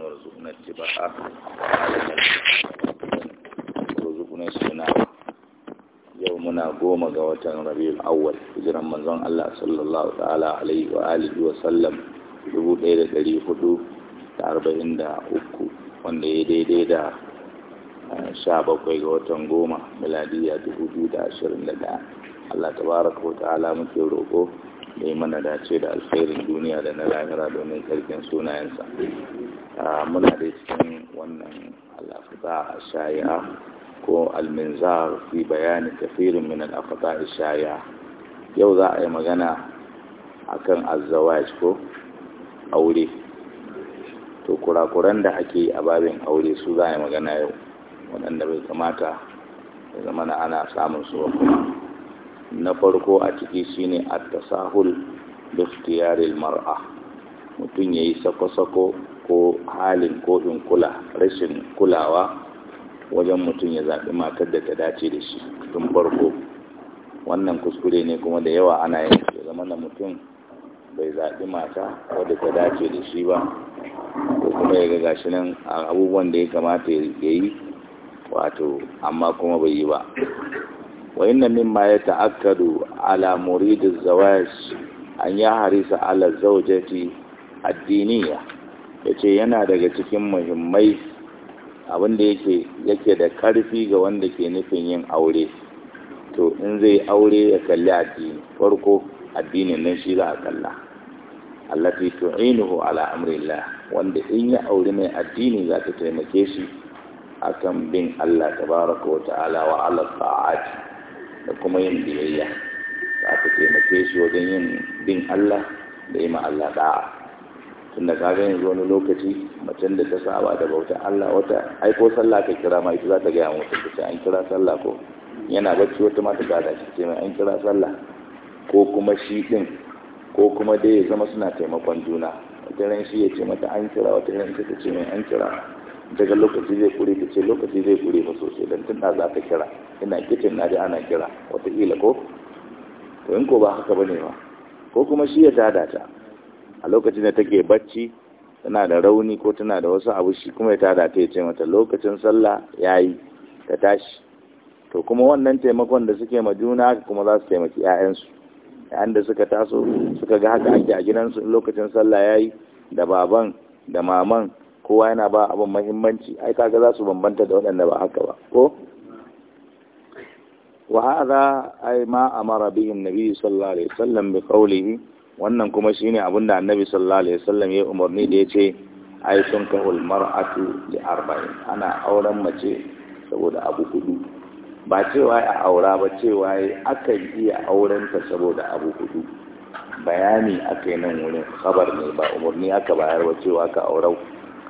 وارزقنا اتباعه Yau muna يومنا قوم watan ربيع الأول hijiran manzon Allah sallallahu ta'ala alaihi wa alihi wa sallam uku, wanda ya daidai da bakwai ga watan goma miladiya 2021 Allah tabaraka wa ta'ala muke roƙo da yi mana dace da alkhairin duniya da na lahira domin karfin sunayensa muna da cikin wannan al'afata a, ko alminzar fi bayani kafirin min al'afata shaya yau za a yi magana akan azawaj ko aure to kurakuran da ake a babin aure su za a yi magana yau waɗanda bai kamata da zama na ana samun su ba na farko a ciki shine a tasahul bi mar'a mutum yayi sako-sako ko halin ko in kula rashin kulawa wajen mutum ya zaɓi matar da ta dace da shi tun farko wannan kuskure ne kuma da yawa ana yin ya zama da mutum bai zaɓi mata wadda ta dace da shi ba ko kuma ya ga gashi nan abubuwan da ya kamata ya yi wato amma kuma bai yi ba وإن مما يتأكد على مريد الزواج أن يحرص على الزوجة الدينية ya ce yana daga cikin muhimmai abinda da yake yake da karfi ga wanda ke nufin yin aure to in zai aure ya kalli addini farko addinin nan shi za a kalla allati tu'inuhu ala amrillah wanda in ya aure mai addini za ta taimake shi akan bin Allah tabaraka wa ta'ala wa ala ta'ati da kuma yin biyayya za ta taimake shi wajen yin bin Allah da yi ma Allah tunda ka ga yanzu wani lokaci macen da ta saba da bauta Allah wata aiko sallah ka kira ma ita za ta gaya mutum ta an kira sallah ko yana bacci wata mata da shi ce mai an kira sallah ko kuma shi din ko kuma dai ya zama suna taimakon juna wata ran shi ya ce mata an kira wata ran ta ce mai an kira daga lokaci zai kure ta ce lokaci zai kure ba sosai don tun da za ta kira ina kicin na da ana kira wata wataƙila ko to in ko ba haka ba ne ba ko kuma shi ya tada ta a lokacin da take bacci tana da rauni ko tana da wasu abu shi kuma ya tada ta ce mata lokacin sallah yayi ta tashi to kuma wannan taimakon da suke ma juna kuma za su taimaki 'ya'yansu yayin da suka taso suka ga haka ake a gidansu lokacin sallah yayi da baban da maman kowa yana ba abin mahimmanci ai kaga za su bambanta da waɗanda ba haka ba ko Wa ay ma amara bihi an-nabi sallallahu alaihi wasallam bi qawlihi wannan kuma shi ne abinda annabi sallallahu alaihi wasallam ya umarni da yace ai sun kahul mar'atu da arba'in ana auren mace saboda abu hudu ba cewa a aura ba cewa akan iya auren ta saboda abu hudu bayani aka yi nan wurin khabar ne ba umarni aka bayar ba cewa ka aura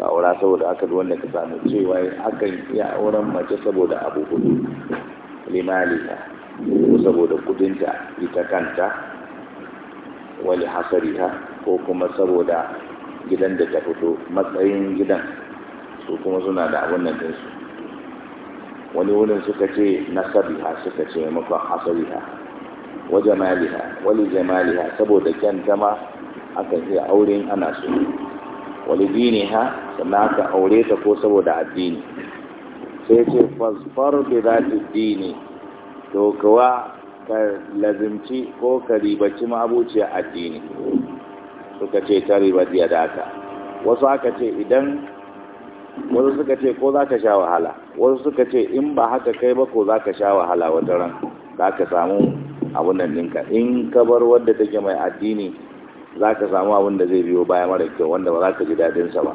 ka aura saboda aka duwanda ka samu cewa akan iya auren mace saboda abu hudu limalika saboda kudinta ita kanta wali hasariha ko kuma saboda gidan da ta fito matsayin gidan su kuma suna da abin nan dinsu wani wurin suka ce nasabiha suka ce maimakon hasariha wa jamaliha wali jamaliha saboda kyan zama akan iya auren ana so wali ha sannan aka aure ta ko saboda addini sai ce fasfar bi zati dini to kawa ka lazimci ko ka ribaci a addini suka ce ta ribadiya da aka wasu aka ce idan wasu suka ce ko za ka sha wahala wasu suka ce in ba haka kai ba ko za ka sha wahala wata ran za ka samu abunan nan in ka bar wadda take mai addini za ka samu abun da zai biyo baya mara kyau wanda ba za ka ji daɗinsa ba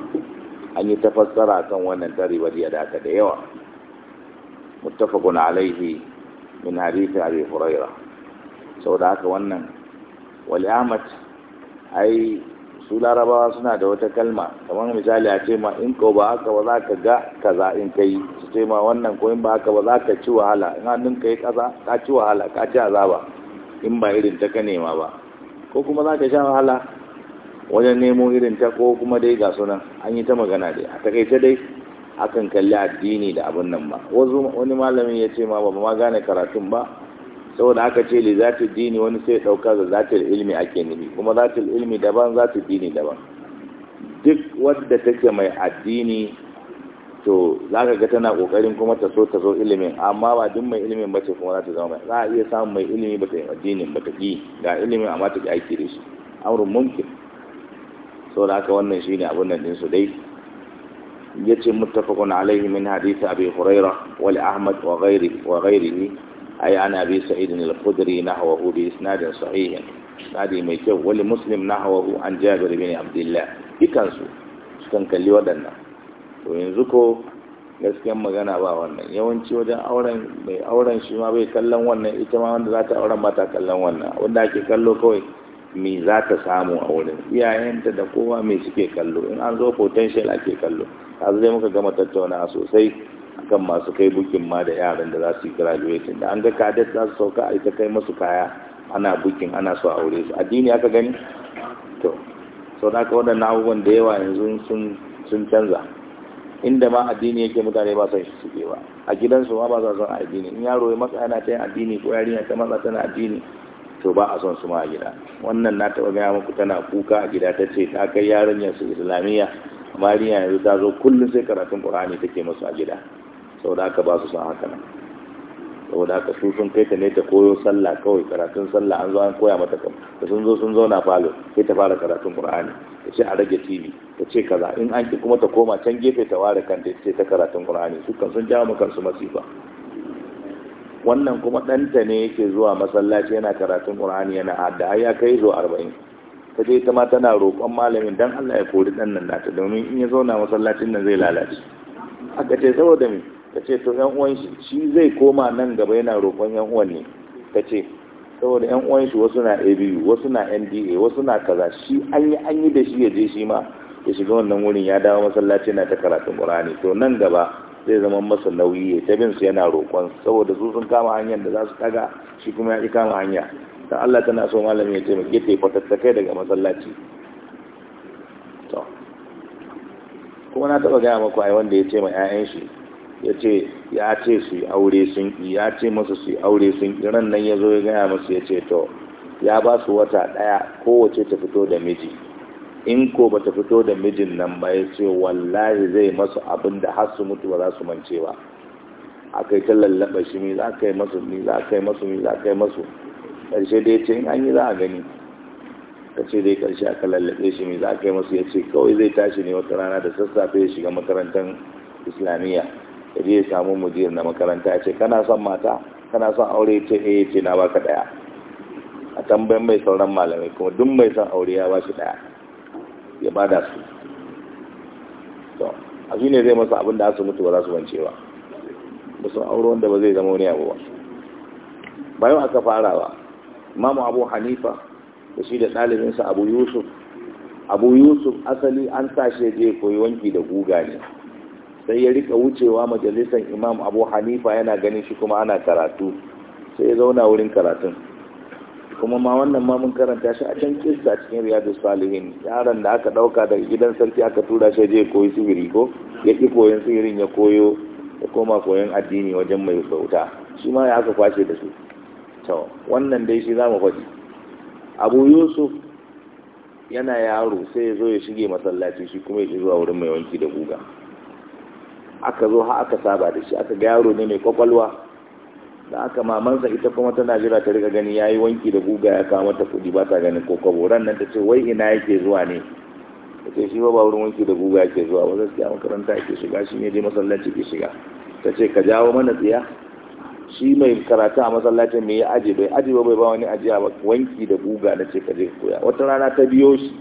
an yi tafassara kan wannan tari bariya da haka da yawa muttafaqun alaihi min hadisi abi huraira da haka wannan wal ahmad ai su larabawa suna da wata kalma kamar misali a ce ma in ko ba haka ba za ka ga kaza in ka yi su ce ma wannan ko in ba haka ba za ka ci wahala in hannun ka yi kaza ka ci wahala ka ci azaba in ba irin ta ka nema ba ko kuma za ka sha wahala wajen nemo irin ta ko kuma dai ga sunan an yi ta magana dai a takaice dai akan kalli addini da abin nan ba wani malamin ya ce ma ba ma gane karatun ba saboda aka ce li zati dini wani sai ɗauka da zatil ilmi ake nufi kuma zatil ilmi daban zati dini daban duk wanda take mai addini to za ka ga tana kokarin kuma ta so ta zo ilimin amma ba duk mai ilimin ba ce kuma za ta zama mai za a iya samun mai ilimi ba yi addinin ba ki ga ilimin amma ta ki aiki da shi amrun mumkin sau da haka wannan shi ne nan nan su dai yace muttafaqun alayhi min hadith abi hurayra wa ahmad wa ghayri wa ghairihi ay ana abi sa'id al-khudri nahwahu bi isnad sahih hadi mai kyau wali muslim nahwahu an jabir bin abdullah dukan su sukan kalli wadannan to yanzu ko gaskiyan magana ba wannan yawanci wajen auren mai auren shi ma bai kallon wannan ita ma wanda za ta auren ba ta kallon wannan wanda ake kallo kawai me za ta samu a wurin iyayenta da kowa me suke kallo in an zo potential ake kallo a zai muka gama tattauna sosai kan masu kai bukin ma da yaran da za su yi graduating da an ga kadet za su sauka a ita kai masu kaya ana bukin ana so aure su addini aka gani to sau da aka waɗannan abubuwan da yawa yanzu sun canza inda ma addini yake mutane ba son shi ba a gidansu ma ba sa son addini in yaro ya matsa yana ta yin addini ko yarinya ta matsa tana addini to ba a son su ma a gida wannan na taɓa gaya muku tana kuka a gida ta ce ta kai yarinyar su islamiyya mariya yanzu ta zo kullum sai karatun ƙur'ani take masu a gida saboda haka ba su son haka nan saboda haka su sun kai ta ne ta koyo sallah kawai karatun sallah an zo an koya mata kam da sun zo sun zauna falo sai ta fara karatun ƙur'ani ta ce a rage tv ta ce kaza in an ki kuma ta koma can gefe ta ware kanta ta ce ta karatun ƙur'ani su kan sun jawo maka su masifa wannan kuma ɗanta ne yake zuwa masallaci yana karatun ƙur'ani yana adda ya kai zuwa arba'in ta je ta ma tana roƙon malamin don Allah ya kori ɗan nan nata domin in ya zauna masallacin nan zai lalace aka ce saboda me ta ce to 'yan uwan shi zai koma nan gaba yana roƙon 'yan uwan ne ta ce saboda 'yan uwan shi wasu na ABU wasu na NDA wasu na kaza shi an yi an yi da shi ya je shi ma ya shiga wannan wurin ya dawo masallaci na ta karatun ƙur'ani to nan gaba zai zama masa nauyi ya ta bin su yana roƙon saboda su sun kama hanyar da za su kaga shi kuma ya kama hanya ta Allah tana so malami ya taimake ta fatattakai daga masallaci to kuma na taba gaya maku ai wanda ya ce mai 'ya'yan shi ya ce ya ce su yi aure sun yi ya ce masa su yi aure sun yi ran nan ya zo ya gaya masu ya ce to ya ba su wata ɗaya kowace ta fito da miji in ko ba ta fito da mijin nan ba ya ce wallahi zai masu abin da har su mutu ba za su mance ba aka yi ta lallaba shi mi za ka yi masu mi za ka yi masu mi za ka yi masu ƙarshe ya ce in an yi za a gani ka ce dai ƙarshe aka lallabe shi mi za ka yi masu ya ce kawai zai tashi ne wata rana da sassafe ya shiga makarantar islamiyya ya je ya samu mujiyar na makaranta ya ce kana son mata kana son aure ce eh ce na baka ɗaya a tambayin mai sauran malamai kuma duk mai son aure ya ba shi ɗaya. ya bada su to a ne zai masa abin da su mutu ba za su wance ba ba su auro wanda ba zai zama wani abu ba bayan aka fara ba mamu abu hanifa da shi da ɗalibinsa abu yusuf abu yusuf asali an tashe je koyi wanki da guga ne sai ya rika wucewa majalisar imam abu hanifa yana ganin shi kuma ana karatu sai ya zauna wurin karatun kuma ma wannan ma mun karanta shi a can kista cikin riyadu salihin yaron da aka dauka daga gidan sarki aka tura shi je koyi sihiri ko ya ki koyon sihirin ya koyo ya koma koyon addini wajen mai bauta shi ma ya aka kwashe da su to wannan dai shi zamu faɗi abu yusuf yana yaro sai ya zo ya shige masallaci shi kuma ya ci zuwa wurin mai wanki da guga aka zo ha aka saba da shi aka ga yaro ne mai kwakwalwa da aka mamansa ita kuma tana jira ta rika gani yayi wanki da guga ya kawo mata kudi ba ta ganin ko kabo ran nan ta ce wai ina yake zuwa ne ta ce shi ba ba wurin wanki da guga yake zuwa ba gaskiya makaranta yake shiga shi ne dai masallaci ke shiga ta ce ka jawo mana tsiya shi mai karatu a masallacin me ya aje bai aje ba bai ba wani ajiya ba wanki da guga na ce ka je koya wata rana ta biyo shi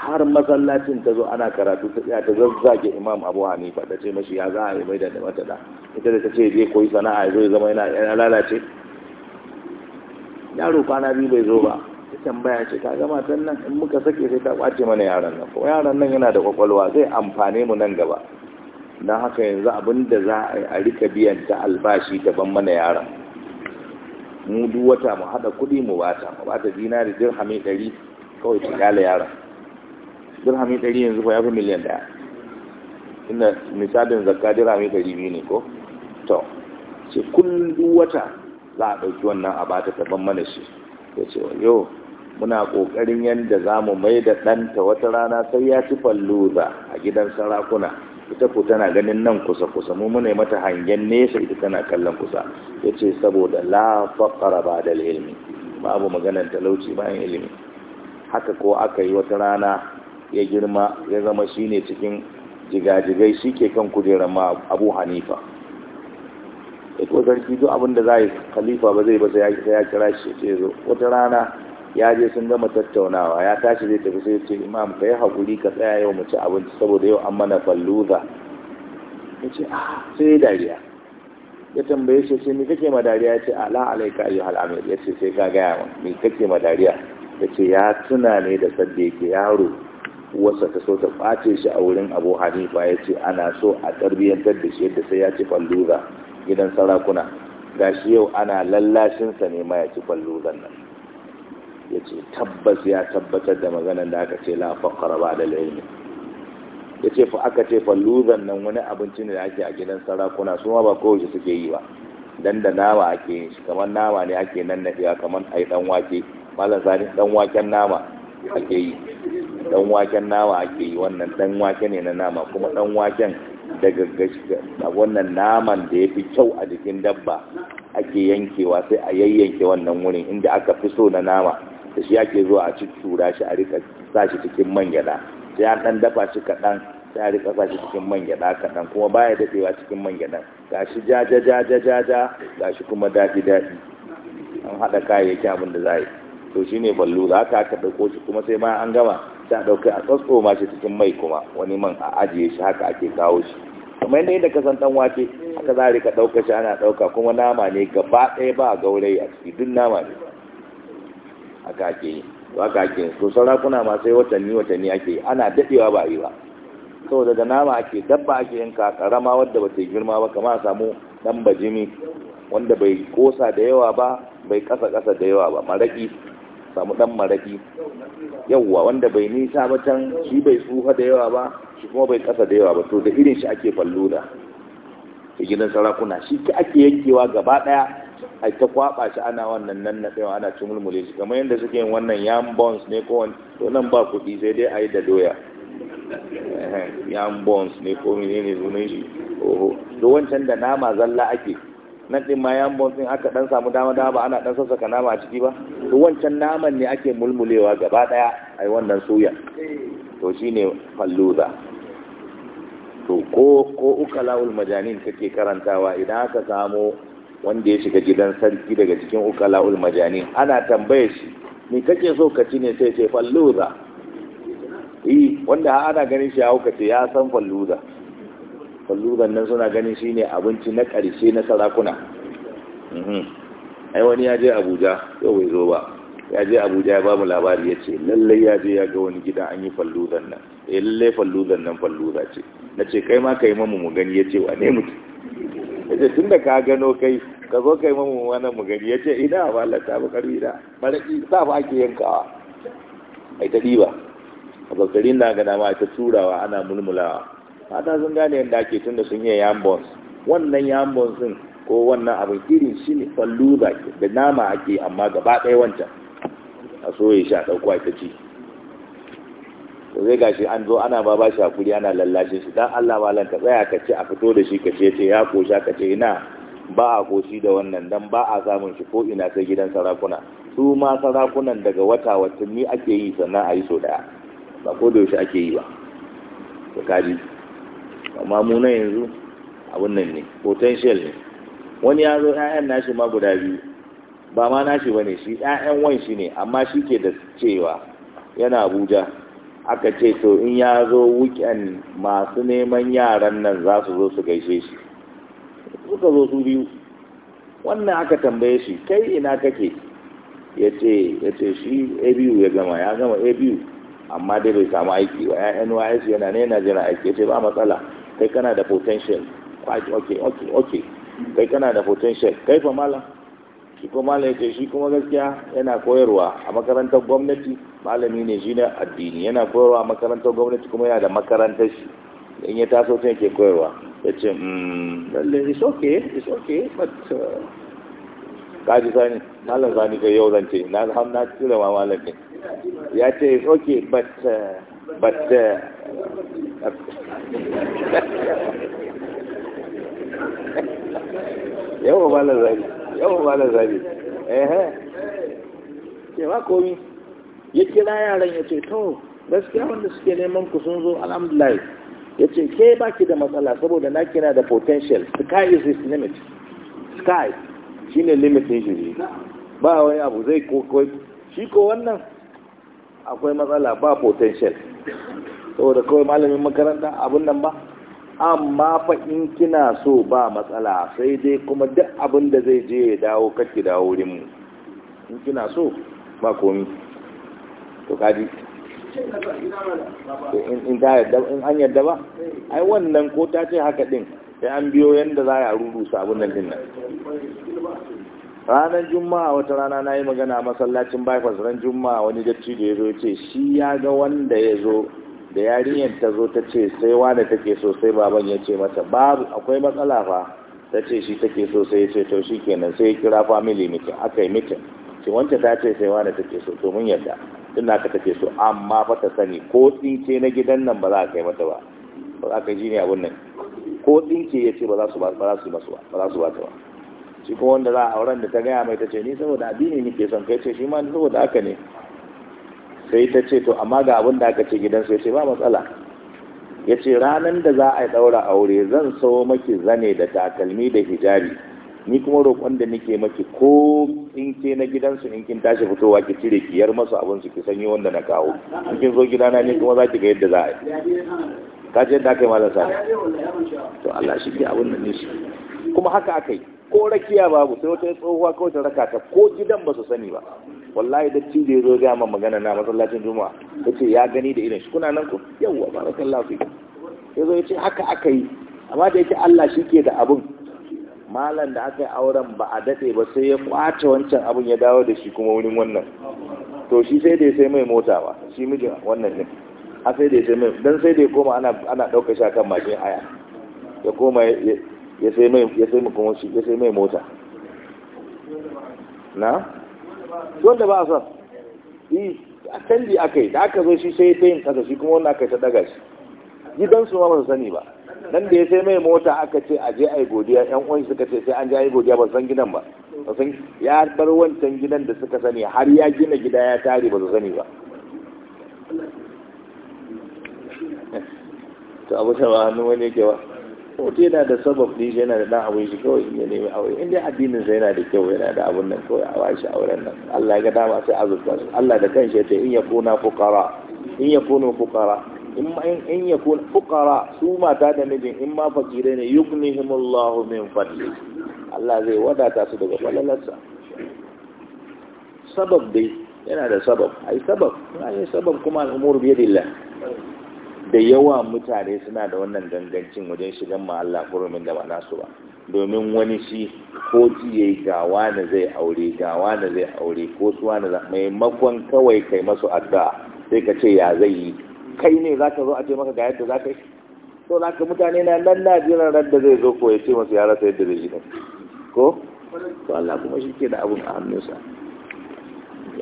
har masallacin ta zo ana karatu ta tsaya ta zazzage imam abu hanifa ta ce mashi ya za a yi maida da mata da ita da ta ce je koyi sana'a ya zo ya zama yana lalace yaro kwana biyu bai zo ba ta tambaya ce ka gama tan nan in muka sake sai ta kwace mana yaran nan ko yaran nan yana da kwakwalwa zai amfane mu nan gaba don haka yanzu abin da za a yi a rika biyan ta albashi daban mana yaran mu duk wata mu haɗa kuɗi mu bata mu bata dinari dirhami ɗari kawai ta kyale yaran dirhami ɗari yanzu ko ya fi miliyan ɗaya ina misalin zakka dirhami ɗari biyu ne ko to ce kullum wata za a ɗauki wannan a bata ban mana shi ya ce yau muna ƙoƙarin yadda za mu mai da ɗanta wata rana sai ya ci falluza a gidan sarakuna ita ko tana ganin nan kusa-kusa mu muna mata hangen nesa ita tana kallon kusa ya ce saboda la ba da ilimi babu maganar talauci bayan ilimi haka ko aka yi wata rana ya girma ya zama shi ne cikin jigajigai shi ke kan kujerar ma abu hanifa ya kuwa sarki duk abinda za a yi khalifa ba zai ba sai ya kira shi ce zo wata rana ya je sun gama tattaunawa ya tashi zai tafi sai ce imam ka yi haƙuri ka tsaya yau mu ci abinci saboda yau an mana falluza ya ce a, ah, sai dariya ya tambaye shi ce me kake ma dariya ya ce ala alaika ayu al'amir ya ce sai ka gaya min kake ma dariya ya ce ya tuna ne da sadda yake yaro uwarsa ta so ta ɓace shi a wurin abu hanifa ya ce ana so a tarbiyyantar da shi yadda sai ya ci falluza gidan sarakuna Ga shi yau ana lallashinsa ne ma ya ci falluzan nan ya ce tabbas ya tabbatar da maganar da aka ce lafakar ba da ilmi ya ce fa aka ce falluzan nan wani abinci ne da ake a gidan sarakuna su ma ba kowace suke yi ba dan da nama ake yin shi kamar nama ne ake nan nafiya kamar ai dan wake malam sani dan waken nama ake yi dan waken nama ake yi wannan dan wake ne na nama kuma dan waken daga wannan naman da ya fi kyau a jikin dabba ake yankewa sai a yayyanke wannan wurin inda aka fi so na nama da shi ake zuwa a cura shi a rika sa shi cikin man gyada sai an dan dafa shi kaɗan sai a rika sa shi cikin man gyada kaɗan kuma baya dafewa cikin man gyadan gashi jaja ja ja ja kuma daɗi daɗi an haɗa kayayyaki abin da za yi to za ka haka ɗauko shi kuma sai ma an gama sai a ɗauki a tsatso ma shi cikin mai kuma wani man a ajiye shi haka ake kawo shi kuma yadda ka san dan wake aka zare ka ɗauka shi ana ɗauka kuma nama ne gaba ɗaya ba gaurayi a ciki duk nama ne haka ake yi ba haka ake yi sarakuna ma sai watanni watanni ake yi ana daɗewa ba yi ba saboda da nama ake dabba ake yanka karama wadda ba ta girma ba kamar samu ɗan bajimi wanda bai kosa da yawa ba bai kasa kasa da yawa ba maraƙi. samu dan maraki yawwa wanda bai nisa ba shi bai tsufa da yawa ba shi kuma bai kasa da yawa ba to da irin shi ake fallo da gidan sarakuna shi ka ake yankewa gaba daya a ta kwaba shi ana wannan nan na tsayawa ana tumulmule shi kamar yadda suke yin wannan yam bonds ne ko to nan ba kuɗi sai dai a yi da doya yam bonds ne ko menene sunan shi to wancan da nama zalla ake nan ma yan bonsin aka dan samu dama dama ba ana dan sassaka nama a ciki ba to wancan naman ne ake mulmulewa gaba daya ai wannan suya to shine falluza to ko ko ukalaul majanin kake karantawa idan aka samu wanda ya shiga gidan sarki daga cikin ukalaul majanin ana tambaye shi me kake so ka ci ne sai sai falluza yi eh, wanda ana ganin shi ya hauka ce ya san falluza kalluban nan suna ganin shine abinci na ƙarshe na sarakuna mhm. ai wani ya je abuja yau bai zo ba ya je abuja ya mu labari ya ce lallai ya je ya ga wani gida an yi falluzan nan eh lallai falluzan nan falluza ce na ce kai ma ka yi mamu mu gani ya ce wa ne mutu ya ce tun da ka gano kai ka zo kai mamu mamu wannan mu gani ya ce ina ba Allah ta bi karfi da maraki sa ba ake yankawa ai ta diba a bakarin na ga dama ta turawa ana mulmulawa fata sun gane yadda ake tun da sun yi yambons wannan yambons din ko wannan abin irin shi ne fallu da nama ake amma gaba ɗaya wancan a soye shi a ɗauko ake ci zai gashi an zo ana ba ba shi hakuri ana lallashe shi dan Allah malan ka tsaya ka ce a fito da shi ka ce ce ya kosha ka ce ina ba a koshi da wannan dan ba a samun shi ko ina sai gidan sarakuna su ma sarakunan daga wata watanni ake yi sannan a yi so daya ba ko da yaushe ake yi ba ka kaji amma yanzu abun ne potential ne wani ya zo ƴaƴan nashi ma guda biyu ba ma nashi bane shi ƴaƴan wan shi ne amma shi ke da cewa yana Abuja aka ce to in ya zo weekend masu neman yaran nan za su zo su gaishe shi suka zo su biyu wannan aka tambaye shi kai ina kake ya ce shi a2 ya gama ya gama a2 amma dai bai samu aiki ba ya nys ne yana jira ya ce ba matsala kai kana da potential okay okay okay kai kana da potential kai fa malam shi kuma malam ce shi kuma gaskiya yana koyarwa a makarantar gwamnati malami ne shi na addini yana koyarwa a makarantar gwamnati kuma yana da makarantar shi in ya taso sai yake koyarwa ya ce hmm, it's okay it's okay but uh, kaji sani malam sani kai yau zance na har na tura ma malam ne ya ce it's okay but uh, but uh, yawa malar zabi yawa malar zabi ehe Ke ba komi ya kira yaran ya ce to gaskiya wanda suke neman ku sun zo alhamdulillah ya ce ke ba ki da matsala saboda na kira da potential sky is his limit sky shine limitin shi ba wani abu zai kokoi shi ko wannan akwai matsala ba potential saboda kawai malamin makaranta abin nan ba amma fa in kina so ba matsala sai dai kuma duk abin da zai je ya dawo kake dawo wurin mu in kina so ba komi to kaji in ta yadda in an yadda ba ai wannan ko ta ce haka din sai an biyo yanda za a rurusa abin nan din nan ranar juma'a wata rana na yi magana masallacin bypass ran juma'a wani dattijo ya zo ya ce shi ya ga wanda ya zo da yarinyar ta zo ta ce sai wane take so sai baban ya ce mata babu akwai matsala fa ta ce shi take so sai ya ce to shi kenan sai ya kira family meeting aka yi meeting ce wance ta ce sai wane take so to mun yarda tun naka take so amma fa ta sani ko tsince na gidan nan ba za a kai mata ba ba za ka ji ne abun nan ko tsince ya ce ba za su ba za su ba ba za su ba ta ba shi kuma wanda za a auren da ta gaya mai ta ce ni saboda ne nake son kai ce shi ma saboda haka ne sai ta ce to amma ga abin da aka ce gidansu ya ce ba matsala ya ce ranar da za a ɗaura aure zan sawo maki zane da takalmi da hijabi ni kuma roƙon da nike maki ko in ke na gidansu in kin tashi fitowa ki cire ki yar masu abin su ki sanyi wanda na kawo in kin zo gidana ne kuma za ki ga yadda za a yi ka ce yadda aka yi malam to Allah shi ke abin da ne shi kuma haka aka yi ko rakiya babu sai wata tsohuwa kawai ta raka ta ko gidan ba su sani ba wallahi da ci da zo ga ma magana na masallacin juma'a yace ya gani da irin shi kuna nan ku yawa barakallahu fi yazo yace haka aka yi amma da yake Allah ke da abun malam da aka yi auren ba a dade ba sai ya kwace wancan abun ya dawo da shi kuma wurin wannan to shi sai da sai mai mota ba shi miji wannan din a sai da sai mai dan sai da ya koma ana ana daukar shi akan mashin aya. ya koma ya sai mai kuma shi ya sai mai mota na wanda ba a son yi a canji aka yi da aka zo shi sai ta yin kasa shi kuma wanda aka ta daga shi gidansu ma ba su sani ba nan da ya sai mai mota aka ce a je a yi godiya yan uwan suka ce sai an je a yi godiya ba san gidan ba ba ya bar wancan gidan da suka sani har ya gina gida ya tare ba su sani ba to abu ta ba hannun wani yake ba wata yana da sabab ne yana da dan abin shi kawai in ya nemi aure inda addinin sa yana da kyau yana da abun nan kawai a washi auren nan Allah ya ga dama sai azurta su Allah da kanshi ya ce in ya kuna fuqara in ya kuna fuqara in in ya kuna fuqara su mata da mijin in ma fakire ne yuknihimullahu min fadli Allah zai wadata su daga falalarsa sabab dai yana da sabab ai sabab ai sabab kuma al'umur biyadillah da yawa mutane suna da wannan gangancin wajen shigan ma'alla kuromin hurumin da ba nasu ba domin wani shi ko jiye gawa na zai aure gawa na zai aure ko suwa na maimakon kawai kai masu addu'a sai ka ce ya zai yi kai ne za ka zo a ce maka ga yadda za ka yi so za ka mutane na nan na jiran ran da zai zo ko ya ce masu yara sai yadda zai yi ko to Allah kuma shi ke da abun a hannunsa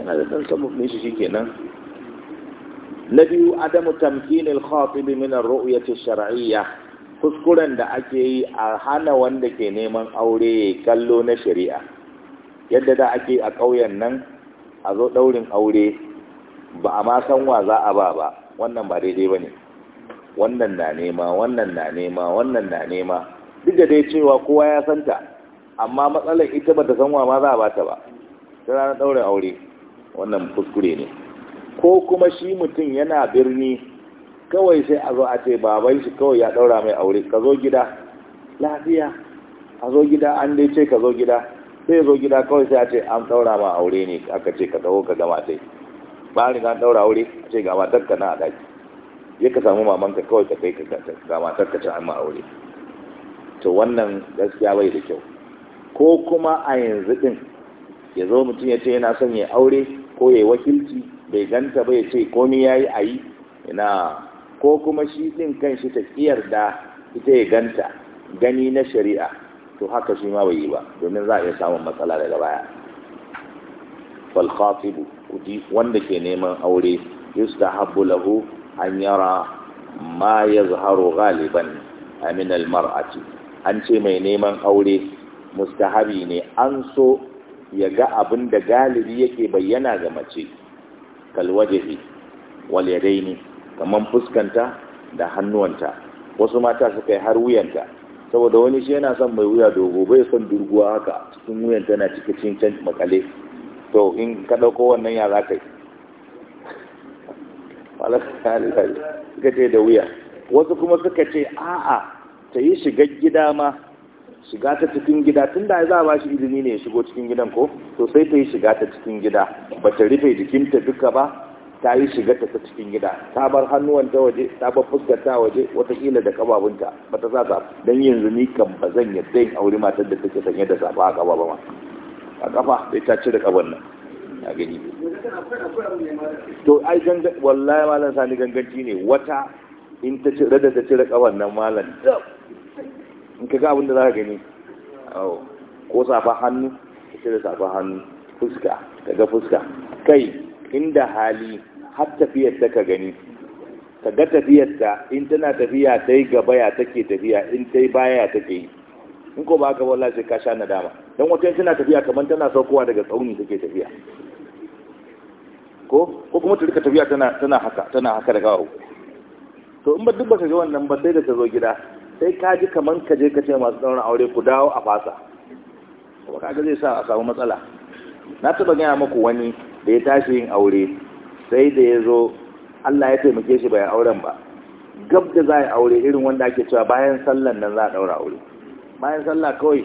yana da ɗan samun shi shi kenan na biyu adamu tamkinil khatibi min ar-ru'yati shar'iyya kuskuren da ake yi a hana wanda ke neman aure kallo na shari'a yadda da ake a ƙauyen nan a zo ɗaurin aure ba a ma san wa za a ba ba wannan ba daidai ba ne wannan na nema wannan na nema wannan na nema duk da dai cewa kowa ya santa amma matsalar ita ba ta san wa ma za a ba ta ba ta ran ɗaurin aure wannan kuskure ne ko kuma shi mutum yana birni kawai sai a zo a ce babai shi kawai ya daura mai aure ka zo gida lafiya a zo gida an dai ce ka zo gida sai zo gida kawai sai a ce an daura ma aure ne aka ce ka dawo ka gama sai ba ni an daura aure a ce ga matar ka na a daki ya ka samu ka kawai ka kai ga matar ka ci an ma aure to wannan gaskiya bai da kyau ko kuma a yanzu din ya zo mutum ya ce yana son ya aure ko ya yi wakilci bai ganta ba ce komi ya yi a yi ina ko kuma shi ɗin kan shi ta da ita ya ganta gani na shari'a to haka shi ma bai yi ba domin za a iya samun matsala daga baya kudi wanda ke neman aure yustahabbu lahu an yara ma yazharu ghaliban min mar'ati an ce mai neman aure mustahabi ne an so ya ga abin da galibi yake bayyana ga mace kalwajehi waliyadaini kamar fuskanta da hannuwanta wasu mata su kai har wuyanta saboda wani shi yana son mai wuya dogo bai son durguwa haka cikin wuyan tana cikin can makale to in ka ɗauko wannan ya za ka yi suka ce da wuya wasu kuma suka ce a'a ta yi shigar gida ma shiga ta cikin gida tun da za a ba shi izini ne ya shigo cikin gidan ko to sai ta yi shiga ta cikin gida ba ta rufe jikinta duka ba ta yi shiga ta ta cikin gida ta bar ta waje ta bar fuskar ta waje watakila da kababunta ba ta sa don yanzu ni kan ba zan yadda yin aure matar da take sanye da safa a kaba ba ma a kafa sai ta cire kaban nan a gani to ai gangan wallahi malam sani ganganci ne wata in ta cire da ta cire kaban nan malam in ka ga abin da za ka gani ko safa hannu ita da safa hannu fuska ka ga fuska kai inda hali har tafiyar ta ka gani ka ga tafiyar ta in tana tafiya ta yi gaba ya take tafiya in ta yi baya ya take yi in ko ba ka wallahi sai ka sha nadama don wata tana tafiya kamar tana saukowa daga tsauni take tafiya ko ko kuma ta rika tafiya tana tana haka tana haka da gawo to in ba duk baka ga wannan ba sai da ta zo gida sai ka ji kamar ka je ka ce masu ɗaurin aure ku dawo a fasa kuma kaga zai sa a samu matsala na taɓa gaya muku wani da ya tashi yin aure sai da ya zo Allah ya taimake shi bai auren ba gab da za a yi aure irin wanda ake cewa bayan sallan nan za a ɗaura aure bayan sallah kawai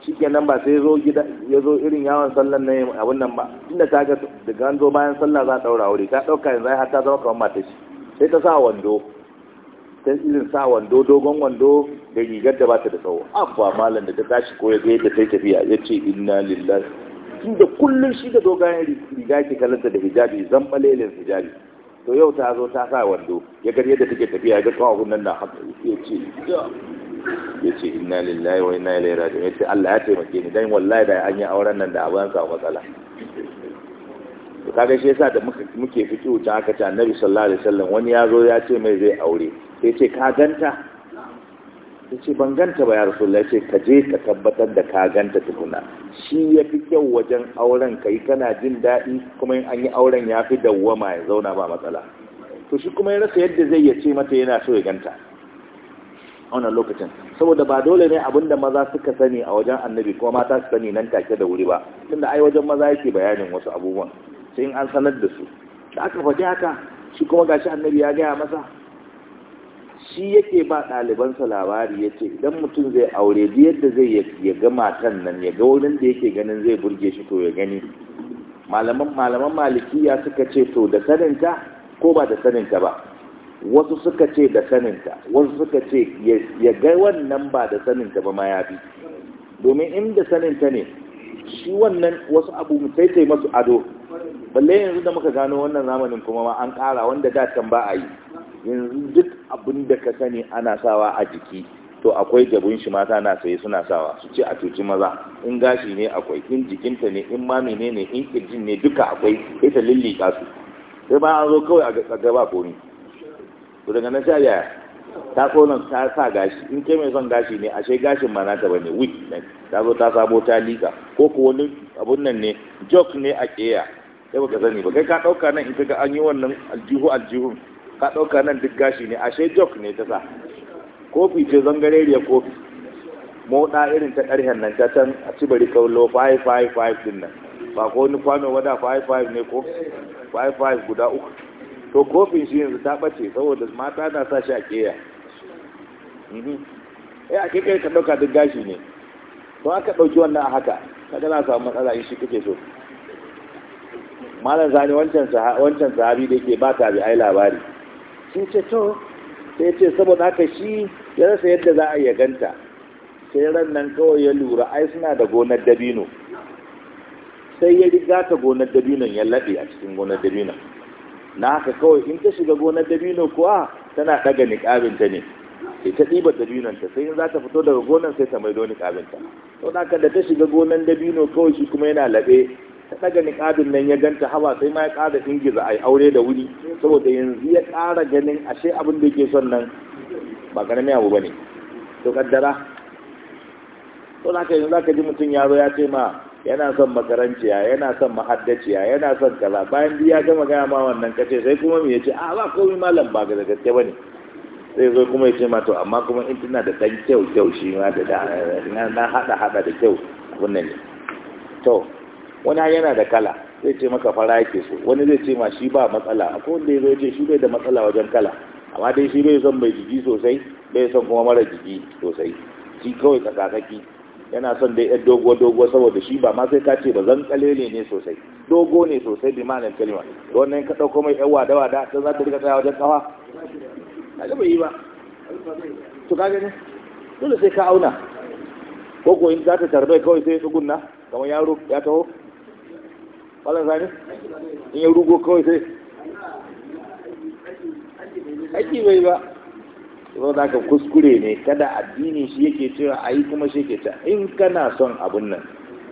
shi nan ba sai zo gida ya zo irin yawon sallan nan abin nan ba inda ta ga daga an zo bayan sallah za a ɗaura aure ta ɗauka yanzu har ta zama kamar matashi sai ta sa wando ta irin sa wando dogon wando da rigar da bata da tsawo abba malam da ta tashi ko ya ga yadda ta tafiya ya ce inna lillahi tun da kullum shi da dogayen riga ke kalanta da hijabi zan malelin hijabi to yau ta zo ta sa wando ya gari yadda take tafiya ga kawahun nan na haka ya ce ya ce inna lillahi wa inna ilaihi raji'un ya ce Allah ya taimake ni dan wallahi da an yi auren nan da abin samu matsala to kaga shi yasa da muke fito ta aka ce annabi sallallahu alaihi wasallam wani ya zo ya ce mai zai aure sai ce ka ganta ta ce ban ganta ba ya rasulullah ce ka je ka tabbatar da ka ganta tukuna shi ya fi kyau wajen auren ka yi kana jin daɗi kuma yin an yi auren ya fi dawwama ya zauna ba matsala to shi kuma ya rasa yadda zai ya ce mata yana so ya ganta a wannan lokacin saboda ba dole ne abinda maza suka sani a wajen annabi kuma mata su sani nan take da wuri ba tunda ai wajen maza yake bayanin wasu abubuwan sai in an sanar da su da aka faɗi haka shi kuma gashi annabi ya gaya masa shi yake ba ɗalibansa labari ya ce idan mutum zai aure duk yadda zai ya ga matan nan ya ga wurin da yake ganin zai burge shi to ya gani malaman malaman malikiya suka ce to da saninta ko ba da saninta ba wasu suka ce da saninta wasu suka ce ya ga wannan ba da saninta ba ma ya bi domin inda saninta ne shi wannan wasu abu sai masu ado balle yanzu da muka gano wannan zamanin kuma ma an ƙara wanda da can ba a yi yanzu duk abin da ka sani ana sawa a jiki to akwai jabun shi mata na saye suna sawa su ce a cuci maza in gashi ne akwai in jikinta ne in mami ne ne in kirjin ne duka akwai ita lillika su sai ba an zo kawai a gaba komi to daga nan sai yaya ta nan ta sa gashi in ke mai son gashi ne ashe gashin ma nata bane wig ne ta zo ta sabo ta lika ko ko wani abun nan ne joke ne a keya sai baka sani ba kai ka dauka nan in kaga an yi wannan aljihu aljihu. ka ɗauka nan duk gashi ne ashe jok ne ta sa kofi ce zangareriya kofi moɗa irin ta ƙarshen nan ta can a ci bari kallo 555 din nan ba ko wani kwano wada 55 ne ko 55 guda uku to kofin shi yanzu ta ɓace saboda mata na sa shi a keya mhm. eh a kai ka ɗauka duk gashi ne to aka ɗauki wannan a haka ka na samu matsala in shi kake so malam zani wancan sahabi da ke ba tabi ai labari sun ce to sai ce saboda haka shi ya rasa yadda za a yi ganta sai ran nan kawai ya lura ai suna da gonar dabino sai ya riga ta gonar dabinon ya laɓe a cikin gonar dabinon na haka kawai in ta shiga gonar dabino kuwa tana ɗaga niƙabinta ne sai ta ɗiba dabinonta sai in za ta fito daga gonar sai ta maido niƙabinta to da da ta shiga gonar dabino kawai shi kuma yana laɓe ta daga niƙabin nan ya ganta hawa sai ma ya ƙara ingiza a aure da wuri saboda yanzu ya ƙara ganin ashe abin da yake son nan ba ƙaramin abu ba ne to kaddara to na yanzu zaka ji mutum yaro ya ce ma yana son makaranciya yana son mahaddaciya yana son kaza bayan biya gama gaya ma wannan kace sai kuma me yace a ba komai malam ba ga gaske bane sai zo kuma yace ma to amma kuma in tana da dan kyau kyau shi ma da na hada hada da kyau wannan ne to wani yana da kala zai ce maka fara yake so wani zai ce ma shi ba matsala akwai wanda ya zo ce shi bai da matsala wajen kala amma dai shi bai son mai jiki sosai bai son kuma mara jiki sosai shi kawai tsakakaki yana son dai yan dogo dogo saboda shi ba ma sai ka ce ba zan kalele ne sosai dogo ne sosai bi ma'anar kalima da wannan ka dauko mai yan wada wada dan za ka rika tsaya wajen kawa kaga bai yi ba to ka ne dole sai ka auna ko ko in za ta tarbai kawai sai tsugunna kamar yaro ya taho wala zane in ya rugo kawai sai aiki bai ba zo da aka kuskure ne kada addini shi yake cewa a yi kuma shi ke ta in kana son abun nan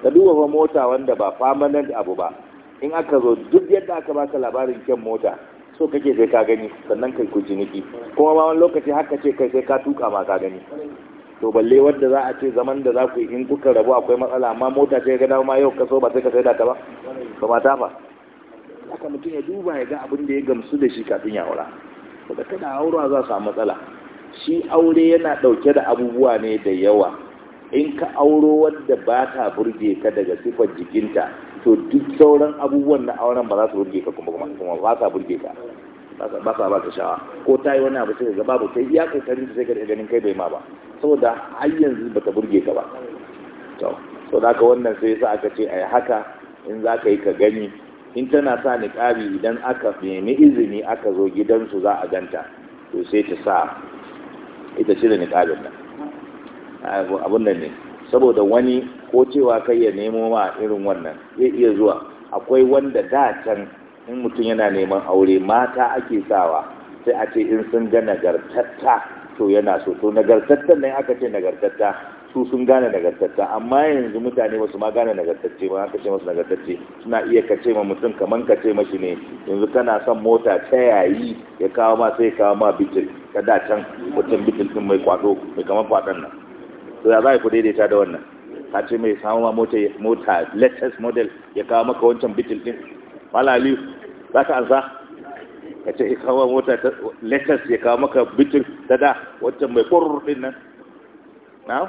ka duba fa mota wanda ba permanent abu ba in aka zo duk yadda aka ba ka labarin kyan mota so kake sai ka gani sannan kai ku ciniki kuma ma wani lokaci haka ce kai sai ka tuka ma ka gani to balle wanda za a ce zaman da za ku in kuka rabu akwai matsala amma mota ce ga dawo ma yau kaso ba sai ka saida ta ba ba mata ba aka mutum ya duba ya ga abin da ya gamsu da shi kafin ya aura saboda kada aura za samu matsala shi aure yana dauke da abubuwa ne da yawa in ka auro wanda ba ta burge ka daga sifar jikinta to duk sauran abubuwan na auren ba za su burge ka kuma kuma ba ta burge ka ba sa ba ka sha'a ko ta yi wani abu sai ga babu kai ya kokarin ta sai ga ganin kai bai ma ba saboda har yanzu ba ta burge ka ba to so da ka wannan sai yasa aka ce a ai haka in za ka yi ka gani in tana sa ni kari idan aka nemi izini aka zo gidansu za a ganta to sai ta sa ita cire niqabin nan abun nan ne saboda wani ko cewa kai ya nemo ma irin wannan zai iya zuwa akwai wanda da can in mutum yana neman aure mata ake sawa sai a ce in sun ga nagartatta to yana so to nagartatta ne aka ce nagartatta su sun gane nagartatta amma yanzu mutane ba su ma gane nagartatta ba aka ce masu nagartatta suna iya kace ma mutum kaman kace mashi ne yanzu kana son mota ta yayi ya kawo ma sai ya kawo ma bitil ka da can mutum bitil din mai kwado mai kaman kwadon nan to ya za ku daidaita da wannan ka ce mai samu ma mota mota latest model ya kawo maka wancan bitil din malali za ka ansa ka ce eh, kawo mota ta letas ya kawo maka bitin ta da wancan mai ƙorur nan na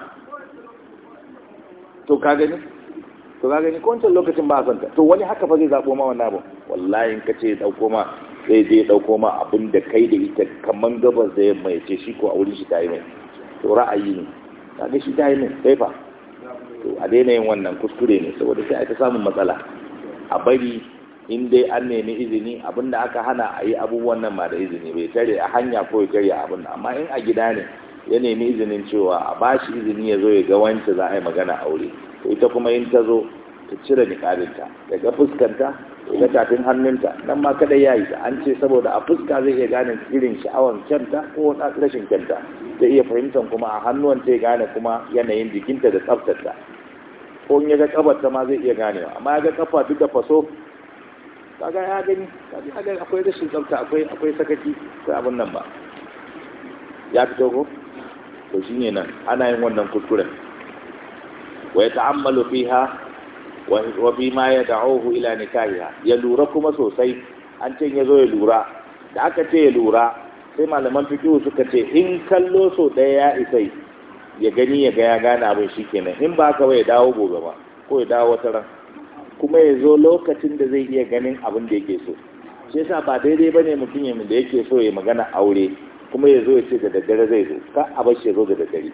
to ka gani to ka gani ko wancan lokacin ba a santa to wani haka fa zai zaɓo ma wannan abin wallahi ka ce ɗauko ma zai je ɗauko ma abin da kai da ita kamar gabas da yamma ya ce shi ko a wurin shi ta yi mai to ra'ayi ne ka ga shi ta yi mai sai fa to a daina yin wannan kuskure ne saboda sai a ta samun matsala a bari in dai an nemi izini da aka hana a yi abubuwan nan ba da izini bai tare a hanya ko ya tare abin amma in a gida ne ya nemi izinin cewa a ba shi izini ya zo ya ga wancan za a yi magana aure to ita kuma in ta zo ta cire niƙalinta daga fuskanta ya ga tafin hannunta nan ma kada ya yi ta an ce saboda a fuska zai iya gane irin sha'awar kyanta ko rashin kyanta ta iya fahimtar kuma a hannuwan ta ya gane kuma yanayin jikinta da tsaftarta ko in ya ga kafarta ma zai iya ganewa amma ya ga kafa duk faso kaga ya gani kaga ya gani akwai rashin tsafta akwai akwai sakaci sai abin nan ba ya fito ko to shine nan ana yin wannan kuskure wa yata'ammalu fiha wa fi ma yad'uhu ila nikahiha ya lura kuma sosai an ce ya zo ya lura da aka ce ya lura sai malaman fiqh suka ce in kallo so daya ya isai ya gani ya ga ya gane abin shikenan in ba ka ba ya dawo gobe ba ko ya dawo wata ran kuma ya zo lokacin da zai iya ganin abin da yake so shi yasa ba daidai bane mutum ya da yake so ya magana aure kuma ya zo ya ce da daddare zai zo ka a bar shi ya zo da daddare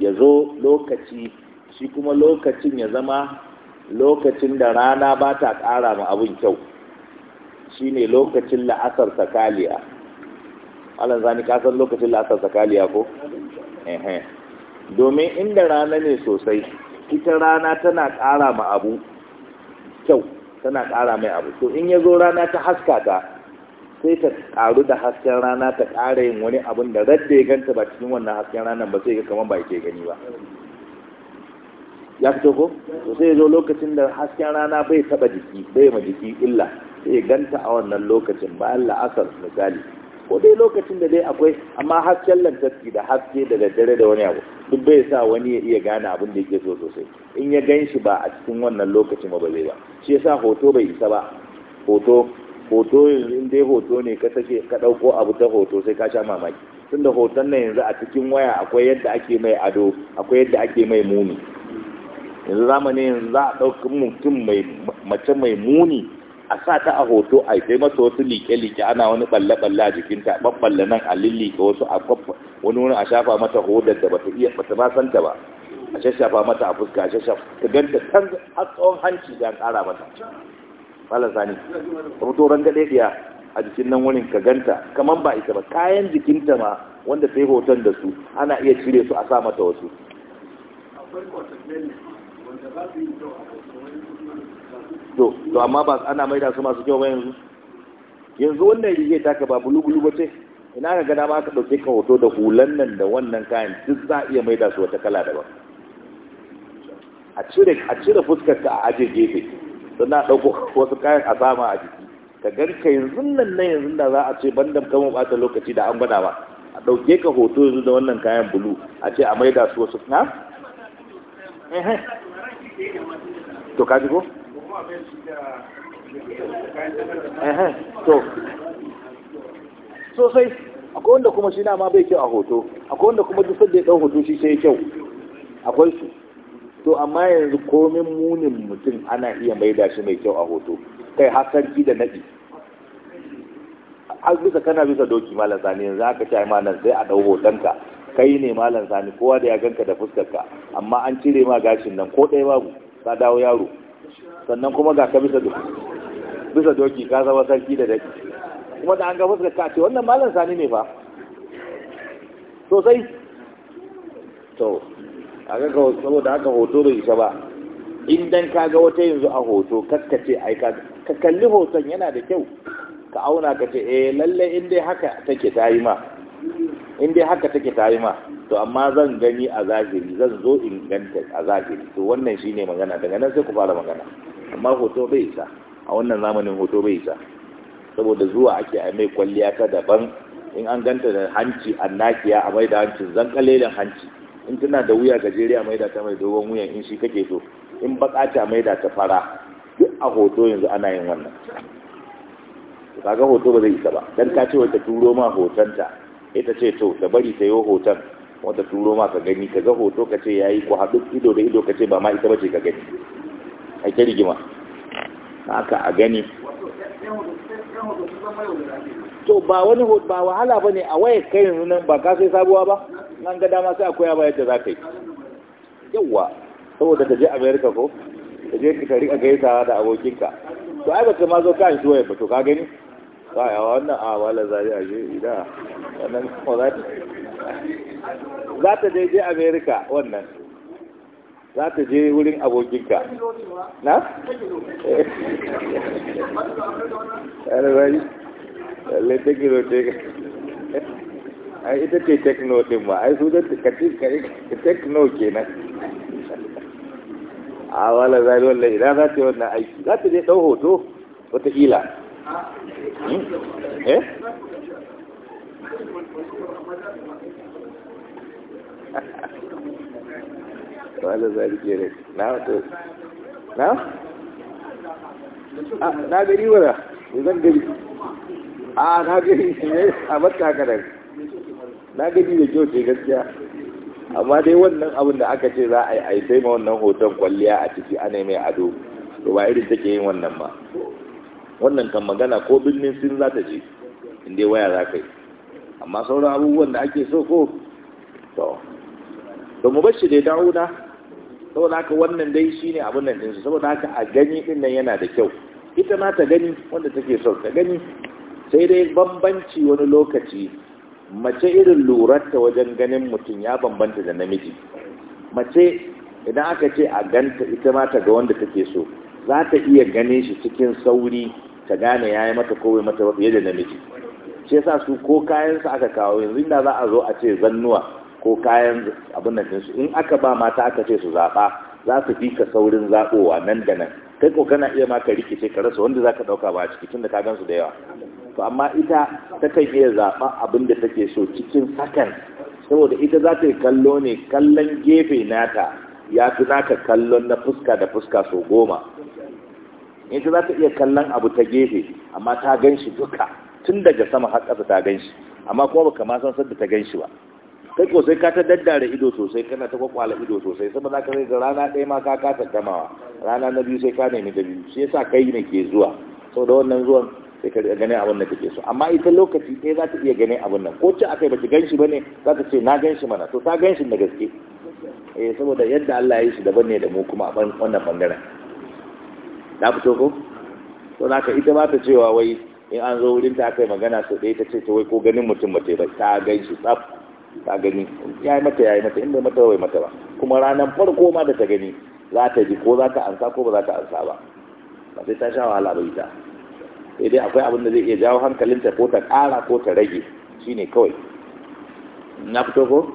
ya zo lokaci shi kuma lokacin ya zama lokacin da rana ba ta ƙara ma abin kyau Shi ne lokacin la'asar sakaliya alan zani ka san lokacin la'asar sakaliya ko domin inda rana ne sosai ita rana tana ƙara ma abu kyau tana ƙara mai abu to in ya zo rana ta haska ta sai ta ƙaru da hasken rana ta ƙara yin wani abun da radda ya ganta ba cikin wannan hasken rana ba sai ga kamar ba ke gani ba ya fito ko to sai zo lokacin da hasken rana bai taba jiki bai ma jiki illa sai ganta a wannan lokacin bayan la'asar misali ko dai lokacin da dai akwai amma hasken lantarki da haske da daddare da wani abu duk bai sa wani ya iya gane abin da yake so sosai in ya gan shi ba a cikin wannan lokacin ba zai ba shi yasa hoto bai isa ba hoto hoto in dai hoto ne ka sake ka ɗauko abu ta hoto sai ka sha mamaki tunda hoton nan yanzu a cikin waya akwai yadda ake mai ado akwai yadda ake mai muni yanzu zamani yanzu za a ɗauki mutum mai mace mai muni a sa ta a hoto a sai mata wasu liƙe-liƙe ana wani balle-balle a jikinta babballe nan a lillike wasu a wani wani a shafa mata hodar da bata iya bata ba santa ba a shashafa mata a fuska a shashafa ta ganta kan har tsawon hanci da ƙara mata malam sani ta fito gaɗe ɗaya a jikin nan wurin ka ganta kamar ba ita ba kayan jikinta ma wanda sai hoton da su ana iya cire su a sa mata wasu to amma ba ana maida su masu kyau ba yanzu yanzu wannan ta taka ba bulu bulu ba ce ina ka gada ma ka ɗauke ka hoto da hulan nan da wannan kayan duk za a iya maida su wata kala daban a cire a cire fuskar ka a aje gefe sannan ɗauko wasu kayan a sama a jiki ka ganka yanzu nan nan yanzu da za a ce ban da kama bata lokaci da an gwada ba a ɗauke ka hoto yanzu da wannan kayan bulu a ce a maida su wasu na? to ka ji ko? to sosai akwai wanda kuma shi nama bai kyau a hoto akwai wanda kuma duk da ya ɗau hoto shi sai kyau akwai su to amma yanzu komin munin mutum ana iya maida shi mai kyau a hoto kai hasarki da naɗi A bisa kana bisa doki malam sani yanzu aka ce ai malam sai a dau hotonka kai ne malam sani kowa da ya ganka da fuskarka amma an cire ma gashin nan ko ɗaya babu ka dawo yaro sannan kuma ga ka bisa bisa doki ka zama sarki da daki kuma da an ga fuskar ka ce wannan malam sani ne fa sosai to a ga saboda haka hoto bai isa ba in ka ga wata yanzu a hoto kakka ce ai ka kalli hoton yana da kyau ka auna ka ce eh lalle in dai haka take ta yi ma in dai haka take tayi ma to amma zan gani a zahiri zan zo in ganta a zahiri to wannan shine magana daga nan sai ku fara magana amma hoto bai isa a wannan zamanin hoto bai isa saboda zuwa ake a mai kwalliya ta daban in an ganta da hanci annakiya a mai da hanci zan kalelin hanci in tana da wuya gajeriya mai da ta mai dogon wuyan in shi kake so in baka ta mai da ta fara duk a hoto yanzu ana yin wannan kaga hoto ba zai isa ba dan ka ce wata turo ma ta. ita ce to da bari ta yi hoton wata turo ma ka gani ka ga hoto ka ce ya yi ku haɗu ido da ido ka ce ba ma ita bace ka gani a ke rigima haka a gani to ba wani ba wahala ba ne a waye kai nunan nan ba ka sai sabuwa ba nan ga dama sai a koya ba yadda za ka yi yawwa saboda ka je america ko ka je ka rika gaisa da abokinka to ai ba ka ma zo ka shi wayar ba to ka gani ba a wannan a wala zari a je ina wannan kuma za ta je je america wannan za ta je wurin abokinka na? ɗalibari lalle tekno ai ita ce tekno din ma ai su zai kaci tekno kenan a wala zari wallan idan za ta yi wannan aiki za ta je ɗau hoto wataƙila Hmm? eh na wato na? na ah, gari zan gari a ah, na gari ne a matakarar na gari da kyau ce gaskiya amma dai wannan abin da aka ce za a yi a yi ma wannan hoton kwalliya a ciki ana mai ado to ba irin take yin wannan ba wannan kan magana ko birnin sin za ta je inda waya za ka yi amma sauran abubuwan da ake so ko to da mu bashi dai dauna saboda haka wannan dai shi ne abin nan din saboda haka a gani din nan yana da kyau ita ma ta gani wanda take so ta gani sai dai bambanci wani lokaci mace irin lurarta wajen ganin mutum ya bambanta da namiji mace idan aka ce a ganta ita ma ta ga wanda take so za ta iya ganin shi cikin sauri ta gane ya yi mata kowai mata fiye da namiji shi yasa su ko kayansu aka kawo yanzu inda za a zo a ce zannuwa ko kayan abin nan su in aka ba mata aka ce su zaɓa za su fi ka saurin zaɓowa nan da nan kai ko kana iya ma ka rikice ka rasa wanda za ka ɗauka ba a ciki tun da ka gansu da yawa to amma ita ta kan iya zaɓa abin da take so cikin sakan saboda ita za ta yi kallo ne kallon gefe nata ya fi naka kallon na fuska da fuska sau goma yanzu za ta iya kallon abu ta gefe amma ta gan shi duka tun daga sama har ƙasa ta gan shi amma kuma baka ma san sadda ta gan shi ba kai ko sai ka ta daddare ido sosai kana ta kwakwala ido sosai sama za ka sai ga rana ɗaya ma ka kasa damawa rana na biyu sai ka nemi da biyu shi yasa kai ne ke zuwa da wannan zuwan sai ka gane abin da kake so amma ita lokaci ɗaya za ta iya gane abin nan ko ci akai ba ta gan shi ba ne za ta ce na gan shi mana to ta gan shi da gaske eh saboda yadda Allah ya yi shi daban ne da mu kuma a wannan bangaren na fito ko to naka ita ba ta cewa wai in an zo wurin ta kai magana so ɗaya ta ce ta wai ko ganin mutum mace ba ta gani shi tsaf ta gani ya yi mata ya yi mata inda mata wai mata ba kuma ranar farko ma da ta gani za ta ji ko za ta ansa ko ba za ta ansa ba ba sai ta sha wahala ba ita sai dai akwai abin da zai iya jawo hankalinta ko ta ƙara ko ta rage shine kawai na fito ko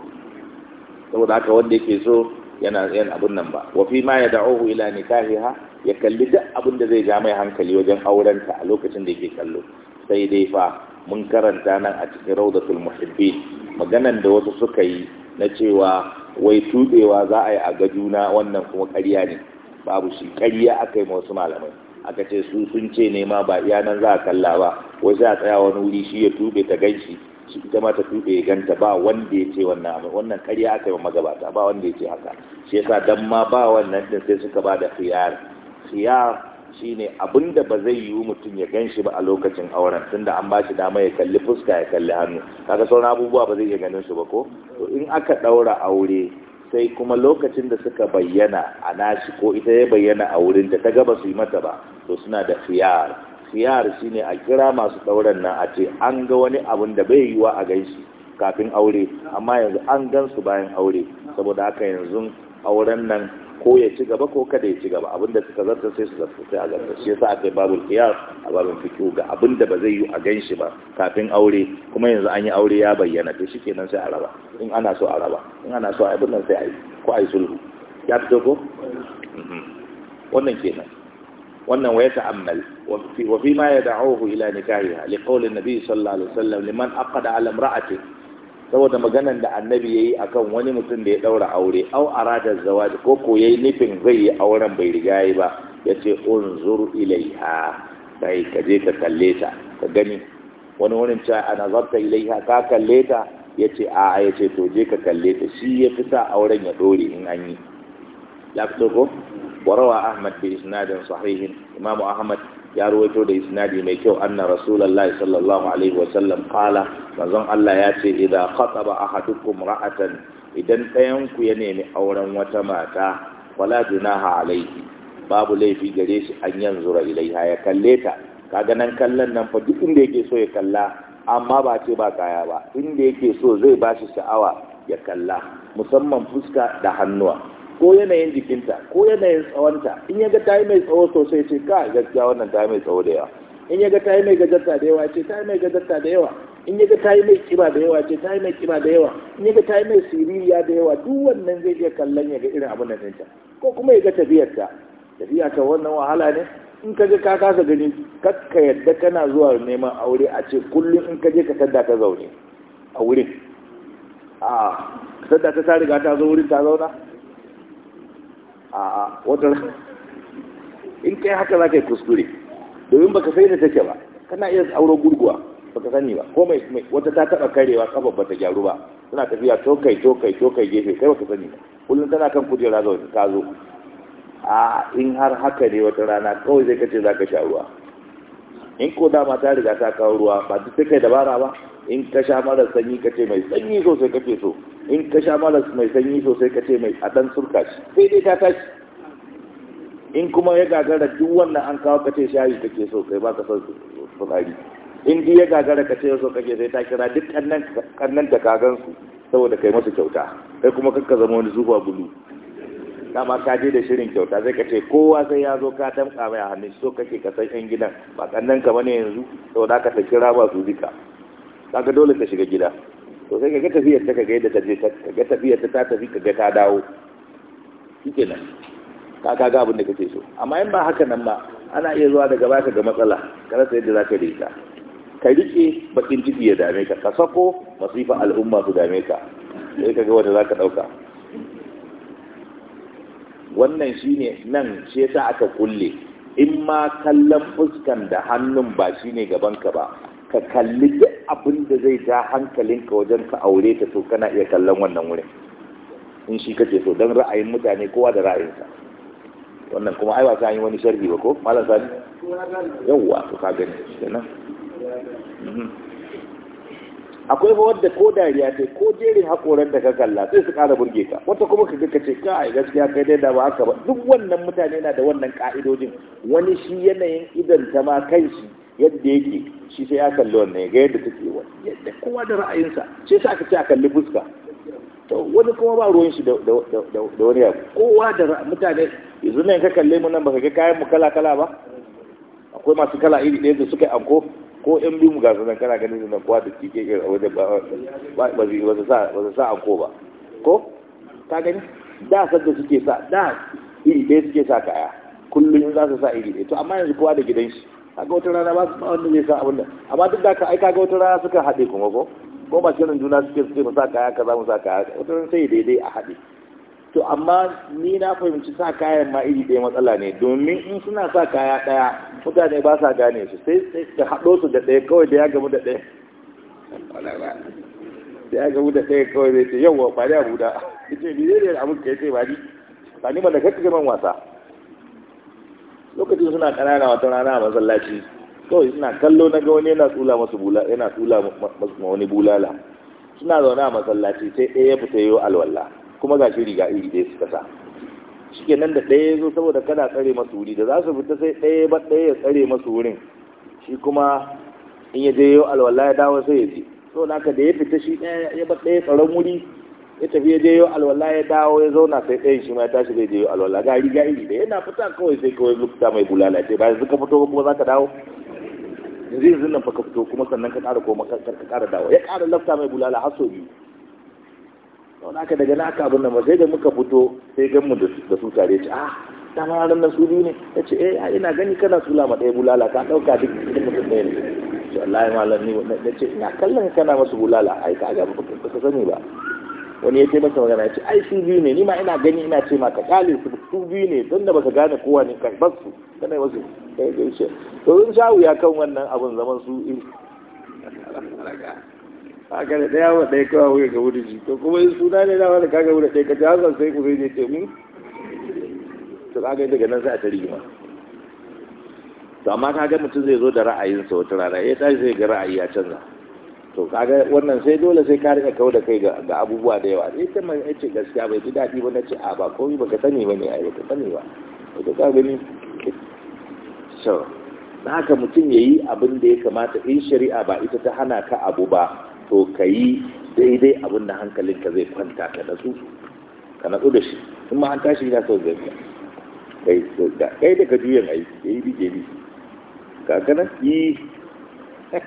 saboda haka wanda yake so yana yan abun nan ba wa fi ma ya da'uhu ila nikahiha ya kalli duk abin da zai ja mai hankali wajen aurenta a lokacin da yake kallo sai dai fa mun karanta nan a cikin raudatul muhibbin maganan da wasu suka yi na cewa wai tudewa za a yi a ga juna wannan kuma ƙarya ne babu shi ƙarya aka yi wasu malamai aka ce su sun ce ne ma ba iya nan za a kalla ba wai za a tsaya wani wuri shi ya tube ta gan shi shi ita ma ta tube ya ganta ba wanda ya ce wannan abin wannan ƙarya aka yi magabata ba wanda ya ce haka shi yasa dan ma ba wannan din sai suka ba da khiyar khiyar shine da ba zai yiwu mutum ya gan shi ba a lokacin auren tunda an ba shi dama ya kalli fuska ya kalli hannu kaga sauran abubuwa ba zai iya ganin su ba ko to in aka daura aure sai kuma lokacin da suka bayyana a nashi ko ita ya bayyana a wurin da ta gaba su yi mata ba to suna da khiyar khiyar shine a kira masu dauran nan a ce an ga wani abun da bai yiwuwa a gan kafin aure amma yanzu an gan su bayan aure saboda haka yanzu auren nan ko ya ci gaba ko kada ya ci gaba abinda suka zarta sai su zarta sai a zarta shi yasa aka yi babul qiyas a babin fiqh ga abinda ba zai yi a ganshi ba kafin aure kuma yanzu an yi aure ya bayyana to shikenan sai a raba in ana so a raba in ana so a abin sai a yi ko a yi sulhu ya fito ko mm-hmm. wannan kenan wannan wa yata'ammal wa fi ma yad'uhu ila nikahiha liqawli an-nabi sallallahu alaihi wasallam liman aqada ala imra'atihi saboda maganan da annabi ya yi akan wani mutum da ya ɗaura aure au arada zawaji ko ko yayi nufin zai yi auren bai riga yi ba ya ce unzur ilaiha kai ka je ka kalle ta ka gani wani wurin cewa a ilaiha ka kalle ta ya ce a ya to je ka kalle ta shi ya fita sa auren ya ɗore in an yi ya fito ko warawa ahmad bi isnadin sahihin imamu ahmad ya ruwaito da isnadi mai kyau anna rasulullahi sallallahu alaihi sallam qala manzon Allah ya ce idza khataba ahadukum ra'atan idan ɗayan ku ya nemi auren wata mata wala junaha alaihi babu laifi gare shi an yanzura ilaiha ya kalle ta kaga nan kallon nan fa duk inda yake so ya kalla amma ba ce ba kaya ba inda yake so zai ba shi sha'awa ya kalla musamman fuska da hannuwa ko yanayin jikinta ko yanayin tsawonta in yaga ta yi mai tsawo sosai ce ka gaskiya wannan ta yi mai tsawo da yawa in yaga ta yi mai gajarta da yawa ce ta yi mai gajarta da yawa in yaga ta yi mai kiba da yawa ce ta yi mai kiba da yawa in yaga ta yi mai siririya da yawa duk wannan zai iya kallon yaga irin abin da ɗinta ko kuma ya ga tafiyarta tafiya ta wannan wahala ne in ka je ka kasa gani kakka yadda kana zuwa neman aure a ce kullum in ka je ka tadda ta zaune a wurin a tadda ta ta riga ta zo wurin ta zauna a in kai haka za ka kuskure domin baka sai da take ba kana iya auro gurguwa baka sani ba ko mai wata ta taba karewa kafa bata gyaru ba tana tafiya tokai tokai tokai gefe kai baka sani ba kullum tana kan kujera ga ta zo a in har haka ne wata rana kawai zai kace za ka sha ruwa in ko dama ta riga ta kawo ruwa ba duk sai kai dabara ba in ka sha mara sanyi ka ce mai sanyi sosai kake so in ka sha mara mai sanyi sosai ka ce mai a dan surka shi sai dai ta tashi in kuma ya gagara duk wannan an kawo kace shayi ke so kai baka son fitsari in duk ya gagara kace so kake sai ta kira duk kannan kannan ta kagan su saboda kai masa kyauta kai kuma kanka zama wani zufa bulu dama ka je da shirin kyauta zai ka ce kowa sai ya zo ka tamka mai a hannun so kake ka san yan gidan ba kannan ka bane yanzu saboda ka ta kira ba su duka kaga dole ka shiga gida to sai kaga tafiyar ta kaga yadda ta je kaga tafiyar ta ta tafi kaga ta dawo Kike nan, ka kaga abin da kake so amma in ba haka nan ma ana iya zuwa daga baka ga matsala ka rasa yadda zaka rika ka rike bakin ciki ya dame ka ka sako masifa al'umma su dame ka sai kaga wanda zaka dauka wannan shine nan shi yasa aka kulle in ma kallon fuskan da hannun ba shine gaban ka ba ka kalli duk abin da zai ja hankalinka wajen ka aure ta to kana iya kallon wannan wurin in shi kake so don ra'ayin mutane kowa da ra'ayinsa wannan kuma ai ba ta yi wani sharhi ba ko malam sani yawa to ka gani kenan mhm. akwai ba wadda ko dariya ce ko jerin hakoran da ka kalla sai su kara burge ka wata kuma ka ka ce kai gaskiya kai dai da ba haka ba duk wannan mutane na da wannan ka'idojin wani shi yanayin idan ta ma kai shi yadda yake shi sai ya kalli wannan ga yadda take wa yadda kowa da ra'ayinsa shi sai aka ce a kalli fuska to wani kuma ba ruwan shi da wani abu kowa da mutane yanzu ne ka kalle mu nan baka ga kayan mu kala kala ba akwai masu kala iri ɗaya da suka yi anko ko yan biyu mu ga sanan kana ganin nan kowa da kike a wajen ba ba su sa ba sa anko ba ko ka gani da sadda suke sa da iri ɗaya suke sa kaya kullum za su sa iri ɗaya to amma yanzu kowa da gidan shi a wata rana ba wanda zai sa abin da amma duk da ka aika kaga wata rana suka haɗe kuma ko ko masu yanin juna suke suke mu sa kaya kaza mu sa kaya wata rana sai daidai a haɗe to amma ni na fahimci sa kayan ma iri ɗaya matsala ne domin in suna sa kaya ɗaya mutane ba sa gane su sai ka haɗo su da ɗaya kawai da ya gamu da ɗaya da ya gamu da ɗaya kawai zai ce yawwa ba da huda ya ce ni zai da ya ce ba ni ba ni lokacin suna kanana wata rana a masallaci kawai suna kallo na ga wani yana tsula masu bula wani bulala suna zaune a masallaci sai ɗaya ya fita yau alwala kuma ga shi riga iri ɗaya suka sa shike nan da ɗaya ya zo saboda kada tsare masu wuri da za su fita sai ɗaya ba ɗaya ya tsare masu wurin shi kuma in ya je yau alwala ya dawo sai ya je so naka da ya fita shi ɗaya ya ba ɗaya tsaron wuri ya tafi ya je yau alwala ya dawo ya zauna sai ɗaya shi ma ya tashi zai je yau alwala ga riga iri da yana fita kawai sai kawai lokuta mai bulala ce ba bayan ka fito ba kuma za ka dawo yanzu yanzu nan fa ka fito kuma sannan ka ƙara koma ka ƙara dawo ya ƙara lafta mai bulala har sau biyu na ka daga na aka abin nan ba sai da muka fito sai gan mu da su tare ce ah ma ranar nan su biyu ne ya ce eh ina gani kana sula ma ɗaya bulala ka ɗauka duk da mutum ɗaya ne ce Allah ya malam ni na ce ina kallon kana masu bulala ai ka ga ba ka sani ba wani ya ce masa magana ya ce ai su biyu ne ni ma ina gani ina ce ma ka kale su su biyu ne don da baka gane kowa ne karbar su kana wasu kai kai ce to sun sha wuya kan wannan abun zaman su in haka da daya wa daya kawo wuya ga wuri ji to kuma in suna ne na wani kaga wuri ɗaya ka ji hasan sai ku zai ne ce mu to kaga daga nan sai a ta ma to amma kaga mutum zai zo da ra'ayinsa wata rana ya tashi zai ga ra'ayi ya canza to kaga wannan sai dole sai ka rika kawo da kai ga abubuwa da yawa sai ta mai ce gaskiya bai ji daɗi ba na ce a ba komai baka sani ba ne a ka sani ba to ka gani so na haka mutum ya yi abin da ya kamata in shari'a ba ita ta hana ka abu ba to ka yi daidai abin da hankalinka zai kwanta ka natsu ka natsu da shi in ma an tashi ya so zai kai kai da ka juyan aiki ya yi bi ka ganin yi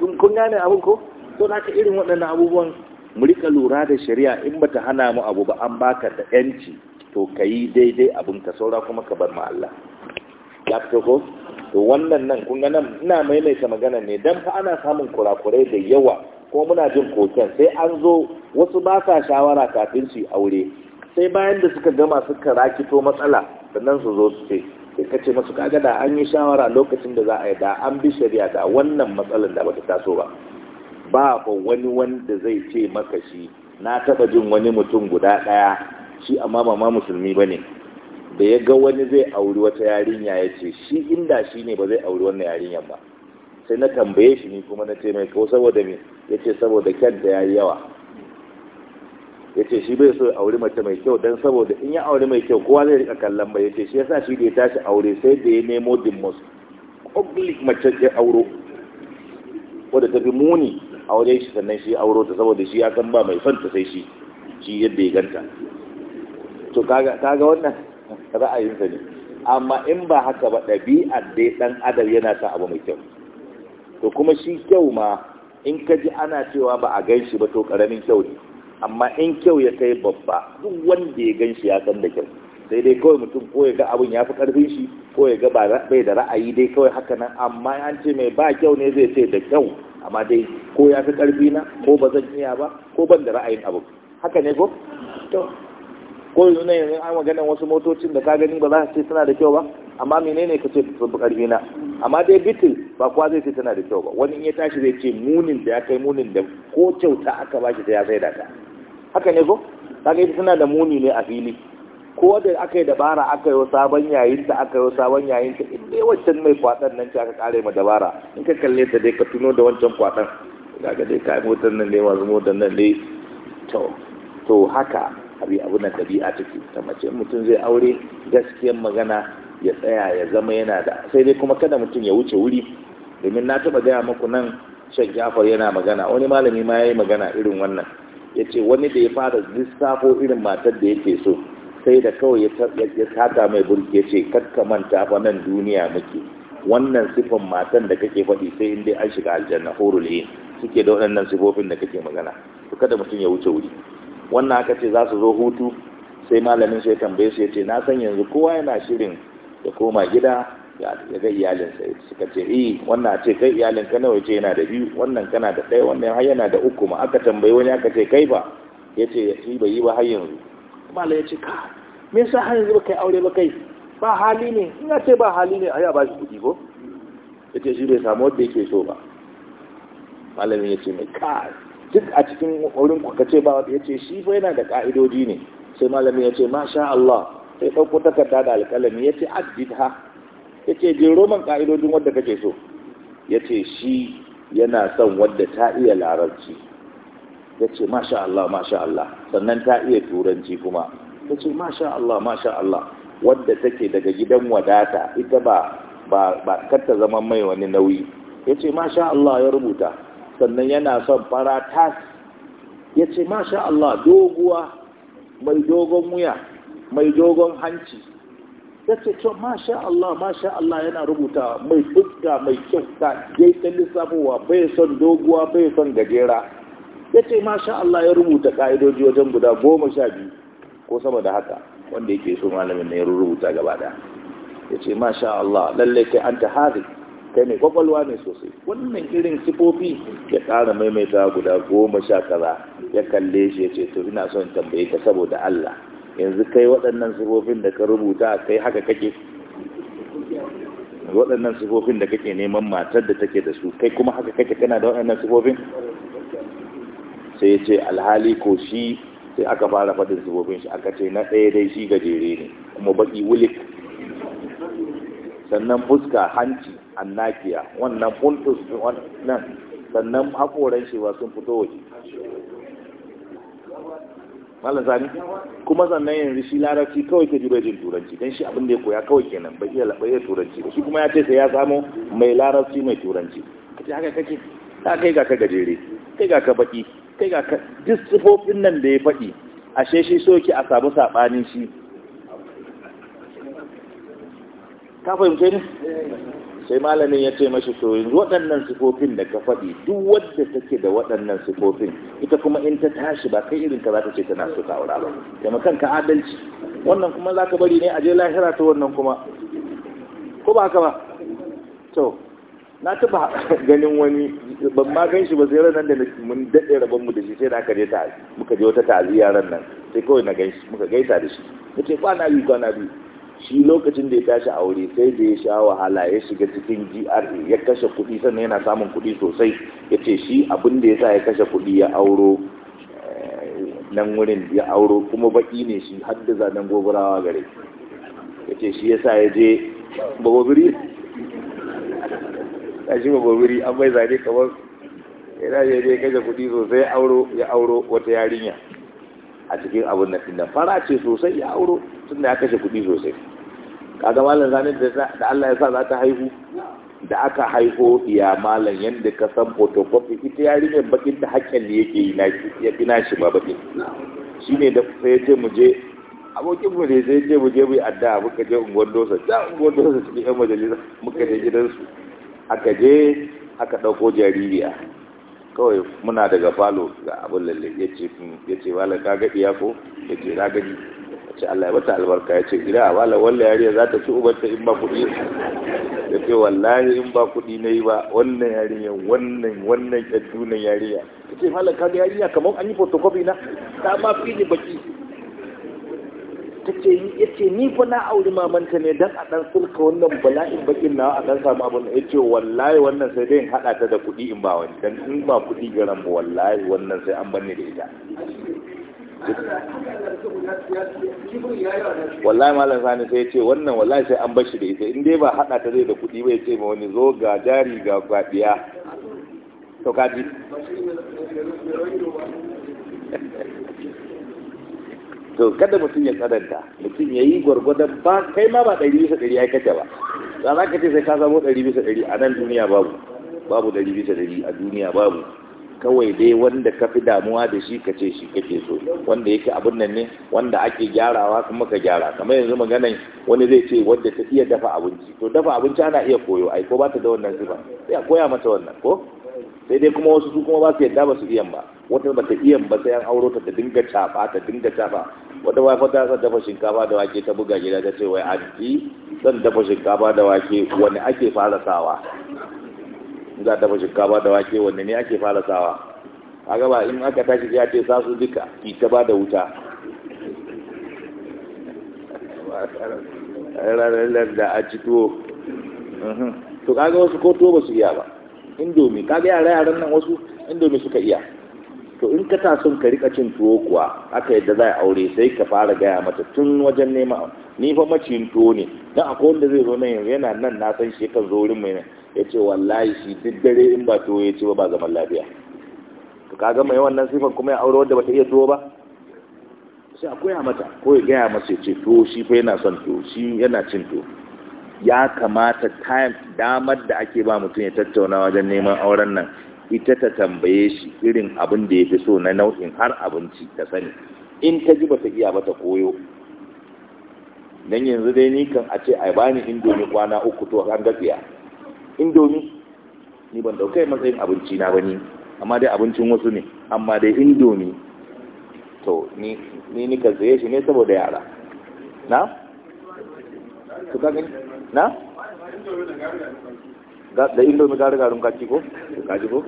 kun gane abin ko to da ka irin waɗannan abubuwan mu rika lura da shari'a in bata hana mu abu ba an baka da yanci to ka yi daidai abin ka saura kuma ka bar ma'alla. ya fito ko to wannan nan kun gane ina maimaita magana ne dan fa ana samun kurakurai da yawa ko muna jin koken sai an zo wasu ba sa shawara kafin su yi aure sai bayan da suka gama suka rakito matsala sannan su zo su ce sai ka ce masu kaga da an yi shawara lokacin da za a yi da an bi shari'a da wannan matsalar da bata taso ba ba ba wani wanda zai ce maka shi na taba jin wani mutum guda daya shi amma ba ma musulmi bane da ya ga wani zai auri wata yarinya ya ce shi inda shi ne ba zai auri wannan yarinyar ba sai na tambaye shi ni kuma na ce mai ko saboda me ya saboda kyan da ya yi yawa ya ce shi bai so ya auri mace mai kyau don saboda in ya auri mai kyau kowa zai rika kallon bai ya ce shi sa shi da ya tashi aure sai da ya nemo the ugly mace ya auro wadda ta fi muni a wajen shi sannan shi auro ta saboda shi ya san ba mai son ta sai shi shi yadda ya ganta to kaga wannan ra'ayinsa ne amma in ba haka ba ɗabi'ar dai ɗan adar yana sa abu mai kyau to kuma shi kyau ma in ka ji ana cewa ba a gan shi ba to ƙaramin kyau ne amma in kyau ya kai babba duk wanda ya gan shi ya san da kyau sai dai kawai mutum ko ya ga abin ya fi karfin shi ko ya ga bai da ra'ayi dai kawai haka nan amma an ce mai ba kyau ne zai ce da kyau amma dai ko ya fi karfi na ko ba zan iya ba ko ban da ra'ayin abu haka ne ko to ko yanzu ne yanzu an maganar wasu motocin da ka gani ba za ka ce suna da kyau ba amma menene ka ce sun karfi na amma dai bitil ba kowa zai ce tana da kyau ba wani in ya tashi zai ce munin da ya kai munin da ko kyauta aka ba shi ta ya sai da ta haka ne ko kaga ita tana da muni ne a fili ko da aka yi dabara aka yi sabon yayin ta aka yi sabon yayin ta in dai wancan mai kwadan nan ce aka kare ma dabara in ka kalle ta dai ka tuno da wancan kwaɗan kaga dai kai motar nan ne masu motar nan ne to to haka abi abu na dabi'a take ta mace mutum zai aure gaskiyar magana ya tsaya ya zama yana da sai dai kuma kada mutum ya wuce wuri domin na taba gaya muku nan shan jafar yana magana wani malami ma ya yi magana irin wannan ya ce wani da ya fara lissafo irin matar da yake so sai da kawai ya taka mai burki ya ce kakka manta fa nan duniya muke wannan sifan matan da kake faɗi sai inda an shiga aljanna horo yin suke da waɗannan sifofin da kake magana to kada mutum ya wuce wuri wannan aka ce za su zo hutu sai malamin sai tambaye su ya ce na san yanzu kowa yana shirin ya koma gida ya ga sai suka ce eh wannan ce kai iyalin ka nawa ce yana da biyu wannan kana da ɗaya wannan har yana da uku ma aka tambayi wani aka ce kai ba ya ce shi bai yi ba har yanzu mala ya ce ka me yasa har yanzu ba kai aure ba kai ba hali ne in ya ce ba hali ne a ba shi kuɗi ko ya ce shi bai samu wanda yake so ba malamin ya ce mai ka duk a cikin wurin ka ce ba ya ce shi fa yana da ka'idoji ne sai malamin ya ce masha Allah sai ɗauko takarda da alƙalami ya ce addid ha ya ce jero man ƙa'idodin wadda kake so ya ce shi yana son wadda ta iya larabci ya ce masha Allah masha Allah sannan ta iya turanci kuma ya ce masha Allah masha Allah wadda take daga gidan wadata ita ba ba karta zama mai wani nauyi ya ce masha Allah ya rubuta sannan yana son fara tas ya ce masha Allah doguwa mai dogon wuya mai dogon hanci ya ce to masha Allah masha Allah yana rubuta mai fuska mai kyau ta yayi ta lissafowa bai son doguwa bai son gajera ya ce masha Allah ya rubuta ka'idoji wajen guda goma sha biyu ko sama da haka wanda yake so malamin na ya rubuta gaba da ya ce masha Allah lallai kai an ta hari kai mai kwakwalwa ne sosai wannan irin sifofi ya ƙara maimaita guda goma sha kaza ya kalle shi ya ce to ina son tambaye ka saboda Allah yanzu kai waɗannan sufofin da ka rubuta kai haka kake waɗannan sufofin da kake neman matar da take da su kai kuma haka kake kana da waɗannan sufofin sai ce alhali ko shi sai aka fara faɗin sufofin shi aka ce na ɗaya dai shi gajere ne kuma baƙi wulik sannan fuska hanci annakiya wannan funtus wannan sannan haƙoran shi ba sun fito waje malam sani kuma sannan yanzu shi larabci kawai ke jure jin turanci don shi abin da ya koya kawai kenan bai iya yin turanci shi kuma ya ce sai ya samu mai larabci mai turanci kace haka kake ta kai ga ka gajere kai ga ka baki kai ga ka duk sifofin nan da ya faɗi ashe shi so yake a samu sabanin shi ka fahimce ne sai malamin ya ce mashi to yanzu waɗannan sifofin da ka faɗi duk wadda take da waɗannan sifofin ita kuma in ta tashi ba kai irin ka za ta ce tana so ta aura ba kuma ka adalci wannan kuma za bari ne a je lahira ta wannan kuma ko ba haka ba to na taba ganin wani ban ma gan shi ba sai ranar da mun daɗe rabon mu da shi sai da aka je ta muka je wata ta'aziyya ran nan sai kawai na gan shi muka gaisa da shi nace kwana biyu kwana biyu shi lokacin da ya tashi aure sai da ya sha wahala ya shiga cikin GRA ya kashe kuɗi sannan yana samun kuɗi sosai ya ce shi abin da ya sa ya kashe kuɗi ya auro eh, nan wurin ya auro kuma baƙi ne shi har da zanen gobarawa gare ya ce shi ya sa ya je bagobiri ya shi bagobiri an bai zane kamar yana ya je kashe kuɗi sosai auro ya auro wata yarinya a cikin abin nan fara ce sosai ya auro tun da ya kashe kuɗi sosai kaga malam ranar da Allah ya sa za ta haihu da aka haihu ya malam yadda ka san photocopy ita yarinyar bakin da hakkin ne yake yi ya fi nashi ba bakin shi ne da sai ce mu je abokin mu ne sai ce mu je mu yi addu'a muka je unguwar dosa da unguwar dosa cikin yan majalisa muka je gidansu aka je aka ɗauko jaririya kawai muna daga falo ga abin lalle hmm, ya ce malam ka gaɗi ya ko ya ce ragani ce Allah ya mata albarka ya ce gida a bala wallan yariya za ta ci ubarta in ba kuɗi ya ce wallahi in ba kuɗi na yi ba wannan yariya wannan wannan ƙaddunan yariya ya ce mala kaga yariya kamar an yi photocopy na ta ma fi ne baki ta ya ce ni fa na auri mamanta ne dan a ɗan sulka wannan bala'in bakin nawa a dan samu abin ya ce wallahi wannan sai dai haɗa ta da kuɗi in ba wani dan in ba kuɗi garan ba wallahi wannan sai an banne da ita wallahi malam sani sai ce wannan wallahi sai an bashi da ita in dai ba hada ta zai da kuɗi ba ya ce ma wani zo ga jari ga kwadiya to kaji to kada mutum ya tsananta mutum ya yi gwargwadon ba kai ma ba ɗari bisa ɗari ya kace ba za ka ce sai ka samu ɗari bisa ɗari a nan duniya babu babu ɗari bisa ɗari a duniya babu kawai dai wanda ka fi damuwa da shi ka ce shi kake so wanda yake abin nan ne wanda ake gyarawa kuma ka gyara kamar yanzu maganan wani zai ce wanda ta iya dafa abinci to dafa abinci ana iya koyo ai ko ba ta da wannan sifa sai a koya mata wannan ko sai dai kuma wasu su kuma ba su yadda ba su iyan ba wata ba ta iyan ba sai an auro ta ta dinga cafa ta dinga cafa wata wafa ta zan dafa shinkafa da wake ta buga gida ta ce wai anti zan dafa shinkafa da wake wani ake fara sawa za ta dafa shinkafa da wake wanne ne ake fara sawa a gaba in aka tashi ya ce sa su duka ita ba da wuta ranar da a cito mhm. to kaga wasu ko to ba su iya ba indomi kaga yara yaran nan wasu indomi suka iya to in ka ta son ka rika cin tuwo kuwa aka yadda za a aure sai ka fara gaya mata tun wajen nema ni fa maciyin tuwo ne dan akwai wanda zai zo nan yanzu yana nan na san shi kan zo wurin mai nan ya ce wallahi shi duk dare in ba tuwo ya ce ba zaman lafiya to ka ga yawan wannan sifan kuma ya aure wadda bata iya tuwo ba sai a koya mata ko ya gaya masa ya ce to shi fa yana son tuwo shi yana cin tuwo ya kamata time damar da ake ba mutum ya tattauna wajen neman auren nan ita ta tambaye shi irin abin da ya fi so na nau'in har abinci ta sani in ta ji bata iya ba ta koyo dan yanzu dai ni kan a ce a bani indomi kwana uku to an gafiya indomi ni ban daukai matsayin abinci na bane amma dai abincin wasu ne amma dai indomi to ni ni nika saye shi ne saboda yara na to ka gani na da indomi ga rigarun kaci ko to kaji ko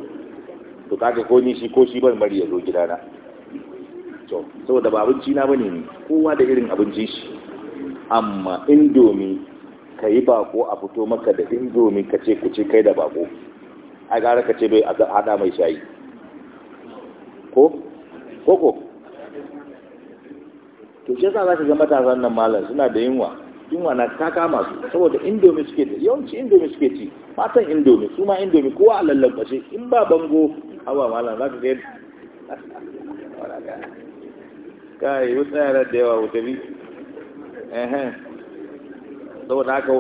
to kaga ko ni shi ko shi ban bari ya zo gidana to saboda ba abinci na bane ni kowa da irin abincin shi amma indomi ka yi bako a fito maka da indomi ka ce ku ce kai da bako a gara ka ce bai a hada mai shayi ko koko to shi yasa za ka gama tazan nan malam suna da yunwa yunwa na ta kama su saboda indomi suke ci yawanci indomi suke ci matan indomi su ma indomi kowa a lallabashe in ba bango hawa malam za ka ga kai wasu yara da yawa wutabi saboda haka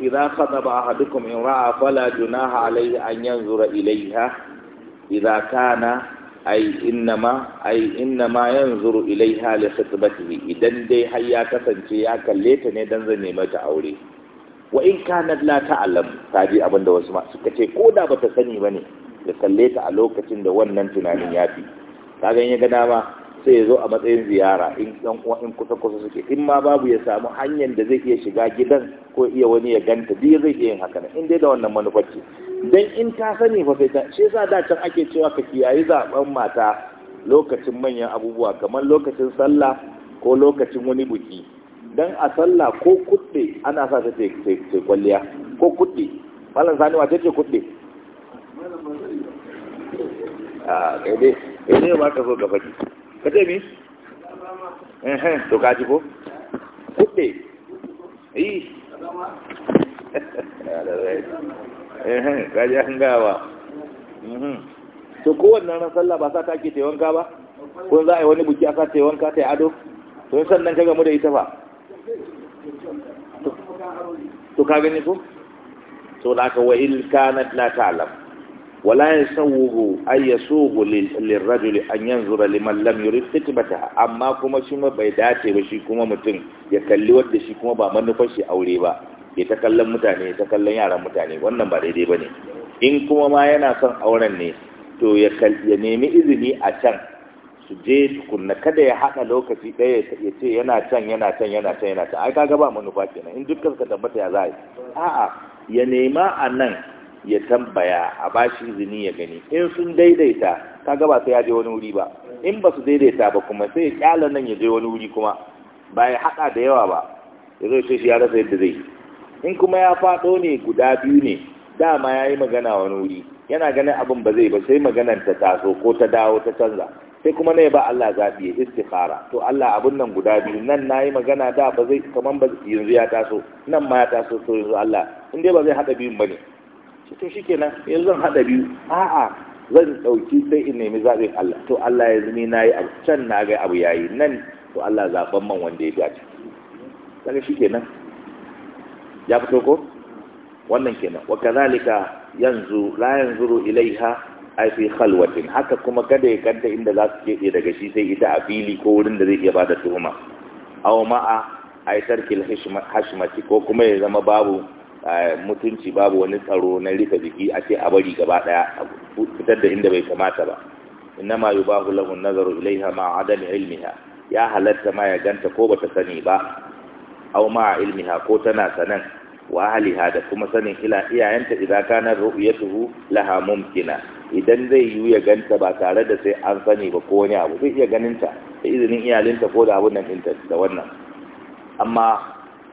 idan dukkan ahadukum imra'a fala junaha alayhi an yanzura ilaiha, idza kana ai innama ai innama yanzuru ilaiha li khitbatihi idan dai har ya kasance ya kalle ta ne dan nemi mata aure wa in kanat la ta'lam kaji abinda wasu ma suka ce ko da bata sani bane ya kalle ta a lokacin da wannan tunanin ya fi kaga in ya ga dama sai ya zo a matsayin ziyara in ɗan uwa in kusa kusa suke in ma babu ya samu hanyar da zai iya shiga gidan ko iya wani ya ganta duk zai iya yin haka in dai da wannan manufar ce dan in ta sani fa sai ta shi yasa da can ake cewa ka kiyayi zaben mata lokacin manyan abubuwa kamar lokacin sallah ko lokacin wani buki dan a sallah ko kudde ana sa ta ce kwalliya ko kudde malam sani wace ce kudde a ah, kai dai ba ka so ka faɗi ka ce to ka ji ko kuɗe yi ka ji an gawa mhm. to kowannan ran sallah ba sa ta ake taiwanka ba ko za a yi wani buki a sa taiwanka ta yi ado to sannan ka gamu da ita ba to ka gani ko to da aka wa il kanat la ta'lam wala yasawwu ay lirra lirrajul an yanzura liman lam yurid khitbataha amma kuma shi ma bai dace ba shi kuma mutum ya kalli wanda shi kuma ba manufar shi aure ba ya ta kallon mutane ta kallon yaran mutane wannan ba daidai bane in kuma ma yana son auren ne to ya nemi izini a can su je tukunna kada ya haɗa lokaci ɗaya ya ce yana can yana can yana can yana can ai kaga ba manufa kenan in dukkan ka tabbata ya za a a'a ya nema a nan ya tambaya a bashi zini ya gani in sun daidaita kaga ba sai ya je wani wuri ba in ba su daidaita ba kuma sai ya kyala nan ya je wani wuri kuma ba ya haɗa da yawa ba ya zai ce shi ya rasa yadda zai in kuma ya faɗo ne guda biyu ne dama ya yi magana wani wuri yana ganin abin ba zai ba sai maganan ta taso ko ta dawo ta canza sai kuma ya ba Allah zaɓi ya istikhara to Allah abun nan guda biyu nan na yi magana da ba zai kaman ba yanzu ya taso nan ma ya taso so yanzu Allah in dai ba zai haɗa biyun ba ne to shi kenan yanzu zan haɗa biyu a'a zan ɗauki sai in nemi zaɓin Allah to Allah ya zumi na yi a can na ga abu yayi nan to Allah zaɓen man wanda ya dace daga shi kenan ya fito ko wannan kenan wa kazalika yanzu la yanzuru ilaiha ai fi khalwatin haka kuma kada ya kanta inda za su keɓe daga shi sai ita a fili ko wurin da zai iya bada tuhuma aw ma'a ai tarkil hashmati ko kuma ya zama babu mutunci babu wani tsaro na rika jiki a ce a bari gaba daya fitar da inda bai kamata ba Inna innama yubahu lahu nazaru ilaiha ma adami ilmiha ya halatta ma ya ganta ko bata sani ba aw ma ilmiha ko tana sanan wa da kuma sanin ila iyayenta idan kana ru'yatuhu laha mumkina idan zai yi ya ganta ba tare da sai an sani ba ko wani abu zai iya ganinta da izinin iyalinta ko da abun nan da wannan amma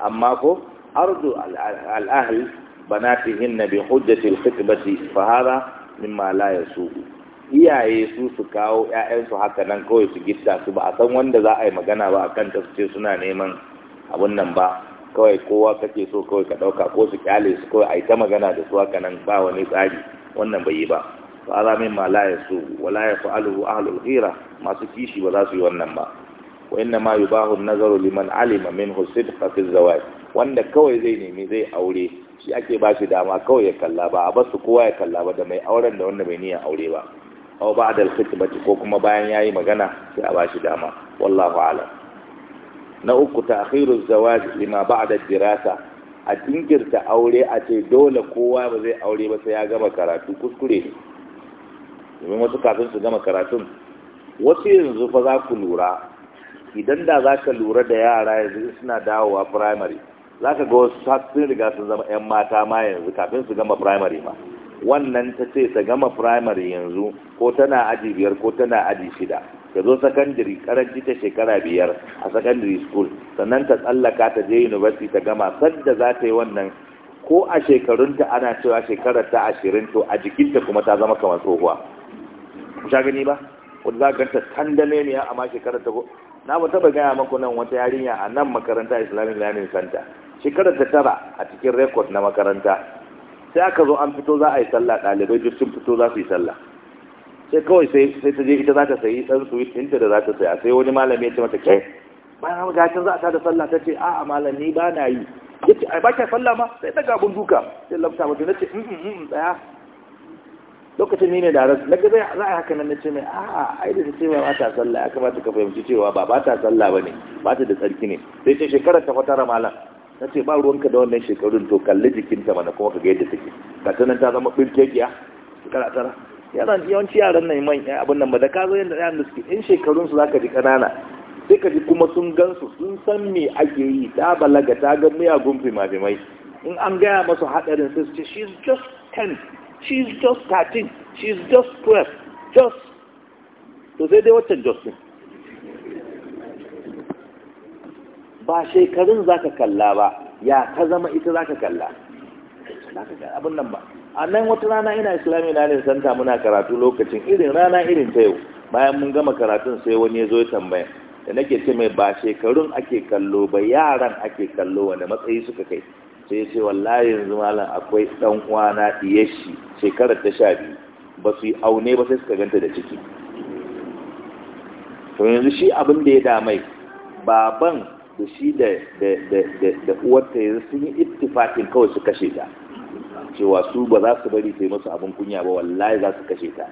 amma ko ardu al'ahal banatihin na bi hujjatil khitbati fa hada iyaye su su kawo ya'yansu haka nan kawai su gita su ba a san wanda za a yi magana ba akan ta su ce suna neman abun nan ba kawai kowa kake so kawai ka ɗauka ko su kyale su kawai a yi ta magana da su haka nan ba wani tsari wannan bai yi ba fa za min ma la yasu wala yaf'aluhu ahlul ghira masu kishi ba za su yi wannan ba wa inna ma yubahu nazaru liman alima minhu sidqa fi zawaj wanda kawai zai nemi zai aure shi ake ba shi dama kawai ya kalla ba a basu kowa ya kalla ba da mai auren da wanda bai niyan aure ba aw ba'da al-khitbati ko kuma bayan yayi magana sai a ba shi dama wallahu a'lam na uku ta'khiru az-zawaj lima ba'da dirasa a jinkirta aure a ce dole kowa ba zai aure ba sai ya gama karatu kuskure ne domin wasu kafin su gama karatun wasu yanzu fa za ku lura idan da za ka lura da yara yanzu suna dawowa primary za ka ga wasu sun riga sun zama 'yan mata ma yanzu kafin su gama primary ma wannan ta ce ta gama primary yanzu ko tana aji biyar ko tana aji shida ta zo secondary karanci ta shekara biyar a secondary school sannan ta tsallaka ta je university ta gama sadda za ta yi wannan ko a shekarunta ana cewa shekarar ta ashirin to a jikinta kuma ta zama kamar tsohuwa ku sha gani ba wanda za ganta tandame ne amma shekarar ta na ba taba gaya maku nan wata yarinya a nan makaranta islamic learning center shekarar ta tara a cikin rekod na makaranta sai aka zo an fito za a yi sallah ɗalibai duk sun fito za su yi sallah sai kawai sai sai ta je ita za ta sayi ɗan suwit ɗinta da za ta saya sai wani malami ya ce mata kai bayan gashin za a tada sallah ta ce a'a malami ba na yi ya ce ai ba kya sallah ma sai daga abun duka sai lafta mata na ce in mm, mm, mm, tsaya lokacin ne ne da ran na gaza za a haka nan na ce mai a'a ai da ce mai ta sallah ya kamata ka fahimci cewa ba ta sallah ba ne ta da tsarki ne sai ce shekarar ta fatara malam ta ce ba ruwanka da wannan shekarun to kalli jikinta mana kuma ka ga yadda take ga ta nan ta zama birkekiya shekara tara yaran yawanci yaran nan man abin nan ba da ka zo yadda yaran da suke in shekarun su zaka ji kanana sai ka ji kuma sun gansu sun san me ake yi ta balaga ta ga miyagun mai. in an gaya masu haɗarin sai su ce is just she is just thirteen, she is just twelve just to sai dai waccan justin. ba shekarun za ka kalla ba ya ka zama ita za ka kalla abin nan ba a nan wata rana ina islami na ne santa muna karatu lokacin irin rana irin ta yau bayan mun gama karatun sai wani ya zo ya tambaya da nake ce mai ba shekarun ake kallo ba yaran ake kallo wanda matsayi suka kai sai ce wallahi yanzu malam akwai dan uwana diye shi shekarar ta sha biyu ba su yi aune ba sai suka ganta da ciki to yanzu shi abin da ya damai baban da shi da da uwarta yanzu sun yi ittifakin kawai su kashe ta cewa su ba za su bari sai masu abin kunya ba wallahi za su kashe ta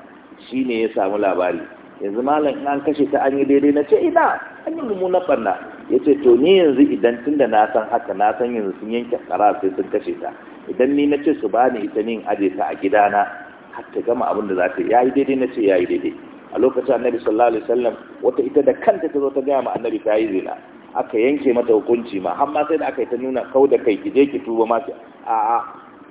shi ne ya samu labari yanzu malam in an kashe ta an yi daidai na ce ina an yi mummuna barna ya ce to ni yanzu idan tun da na san haka na san yanzu sun yanke kara sai sun kashe ta idan ni na ce su ba ni ita ni aje ta a gidana har ta gama abin da za ta ya yi daidai na ce ya yi daidai a lokacin annabi sallallahu alaihi wasallam wata ita da kanta ta zo ta gaya ma annabi ta yi zina aka yanke mata hukunci ma har ma sai da aka yi ta nuna kau da kai ki je ki tuba ma a a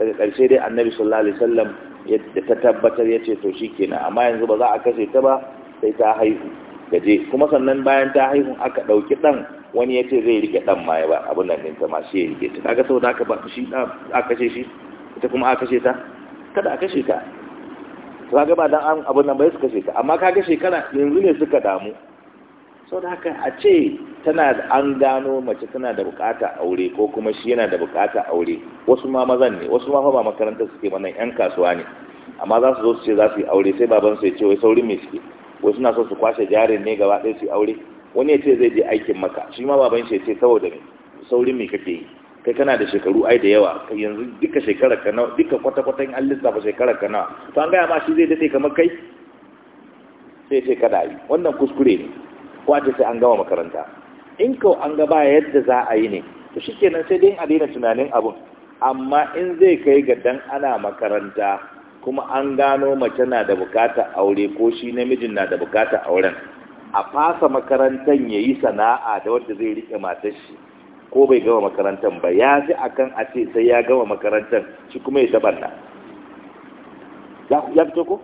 daga ƙarshe dai annabi sallallahu alaihi wasallam yadda ta tabbatar ya ce to shikenan amma yanzu ba za a kashe ta ba sai ta haihu gaje kuma sannan bayan ta haihu aka ɗauki ɗan wani ya ce zai rike ɗan ma ya ba abin nan ɗinta ma shi ya rike ta kaga saboda aka ba shi a kashe shi ita kuma a kashe ta kada a kashe ta kaga ba dan abin nan bai su kashe ta amma kaga shekara yanzu ne suka damu sau da haka a ce tana da an gano mace tana da bukata aure ko kuma shi yana da bukata aure wasu ma mazan ne wasu ma ba makarantar suke mana yan kasuwa ne amma za su zo su ce za su yi aure sai baban su ya ce wai saurin me suke wai suna so su kwashe jarin ne gaba ɗaya su yi aure wani ya ce zai je aikin maka shi ma baban shi ya ce saboda me saurin me kake yi kai kana da shekaru ai da yawa kai yanzu duka shekarar ka nawa duka kwata in an lissafa shekarar ka nawa to an gaya ma shi zai dade kamar kai sai ce kada yi wannan kuskure ne wace sai an gama makaranta in kau an gaba yadda za a yi ne to shi kenan sai dai a daina tunanin abun amma in zai kai ga dan ana makaranta kuma an gano mace na da bukatar aure ko shi namijin na da bukatar auren a fasa makarantar ya yi sana'a da wadda zai rike matar shi ko bai gama makarantar ba ya ji akan a ce sai ya gama makarantar shi kuma ya taɓa na ya fito ko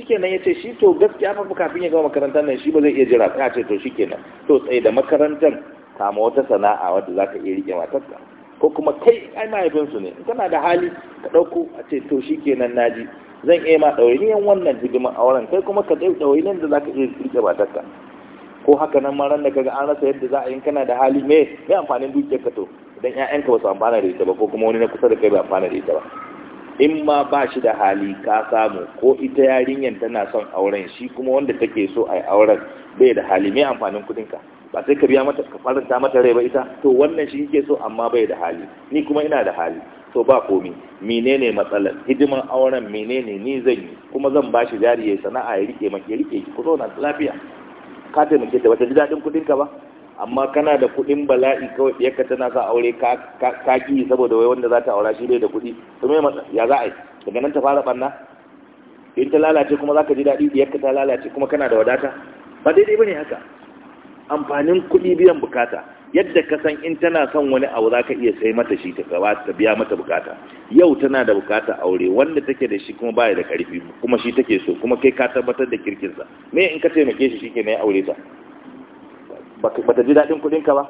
shikenan yace shi to gaskiya fa kafin ya gama makarantar nan shi ba zai iya jira ya ce to shikenan to tsaye da makarantar kama wata sana'a wadda zaka iya rike matarka ko kuma kai ai mahaifinsu ne in kana da hali ka ɗauko a ce to shikenan naji zan iya ma ɗawainiyan wannan hidiman auren kai kuma ka ɗau ɗawainiyan da zaka iya rike matarka ko haka nan ma ran da kaga an rasa yadda za a yi kana da hali me me amfanin dukiyar ka to idan ƴaƴanka ba su amfana da ita ba ko kuma wani na kusa da kai ba amfana da ita ba in ma ba shi da hali ka samu ko ita yarinyar tana son auren shi kuma wanda take so a auren bai da hali mai amfanin kudinka ba sai ka biya mata ka faranta mata rai ba ita to wannan shi yake so amma bai da hali ni kuma ina da hali to ba komi menene matsalar hidiman auren menene ni zan yi kuma zan ba shi jari ya sana'a ya rike maki ya rike ki ku zauna lafiya ka taimake ta wata ji daɗin kudinka ba amma kana da kuɗin bala'i kawai ka tana sa aure ka ki saboda wai wanda za ta aura shi bai da kuɗi to me ya za a yi daga nan ta fara ɓanna in ta lalace kuma za ka ji daɗi ka ta lalace kuma kana da wadata ba daidai ba ne haka amfanin kuɗi biyan bukata yadda ka san in tana son wani abu za ka iya sai mata shi ta gaba ta biya mata bukata yau tana da bukata aure wanda take da shi kuma baya da ƙarfi kuma shi take so kuma kai ka tabbatar da kirkinsa me in ka taimake shi shi ke na ya aure ta bata ji daɗin kuɗinka ba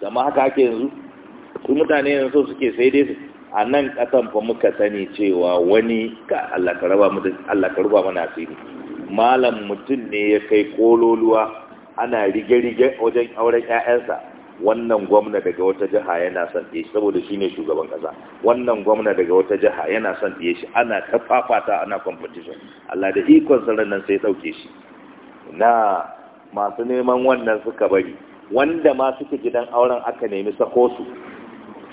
zama haka ake yanzu su mutane yanzu suke sai dai su a nan ƙasan fa muka sani cewa wani ka Allah ka raba mana asiri malam mutum ne ya kai kololuwa ana rige-rige wajen auren 'ya'yansa wannan gwamna daga wata jiha yana son ɗaya saboda shi ne shugaban ƙasa wannan gwamna daga wata jiha yana son ɗaya shi ana ta fafata ana competition Allah da ikon sararin nan sai ɗauke shi na masu neman wannan suka bari wanda ma suke gidan auren aka nemi sako su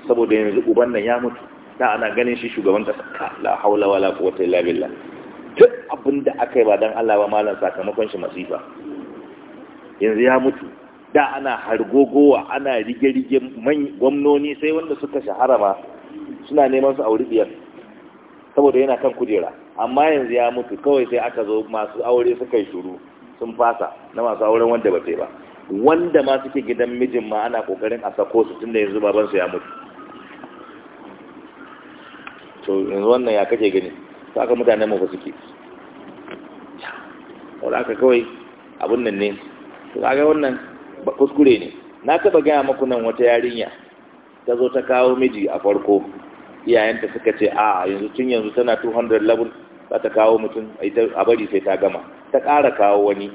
saboda yanzu uban nan ya mutu da ana ganin shi shugaban kasa ka la haula wala quwwata illa billah duk abin da aka yi ba dan Allah ba malam sakamakon shi masifa yanzu ya mutu da ana hargogowa ana rige-rige gwamnoni sai wanda suka shahara ma suna neman su auri biyar saboda yana kan kujera amma yanzu ya mutu kawai sai aka zo masu aure suka yi shuru sun fasa na masu auren wanda ba ba wanda ma suke gidan mijin ma ana kokarin a sako su tunda yanzu baban su ya mutu to yanzu wannan ya kake gani saka mutanen mu ba suke wanda aka kawai abun nan ne to kaga wannan ba kuskure ne na taba gaya maku nan wata yarinya ta zo ta kawo miji a farko iyayenta suka ce a yanzu tun yanzu tana 200 level za ta kawo mutum a bari sai ta gama ta ƙara kawo wani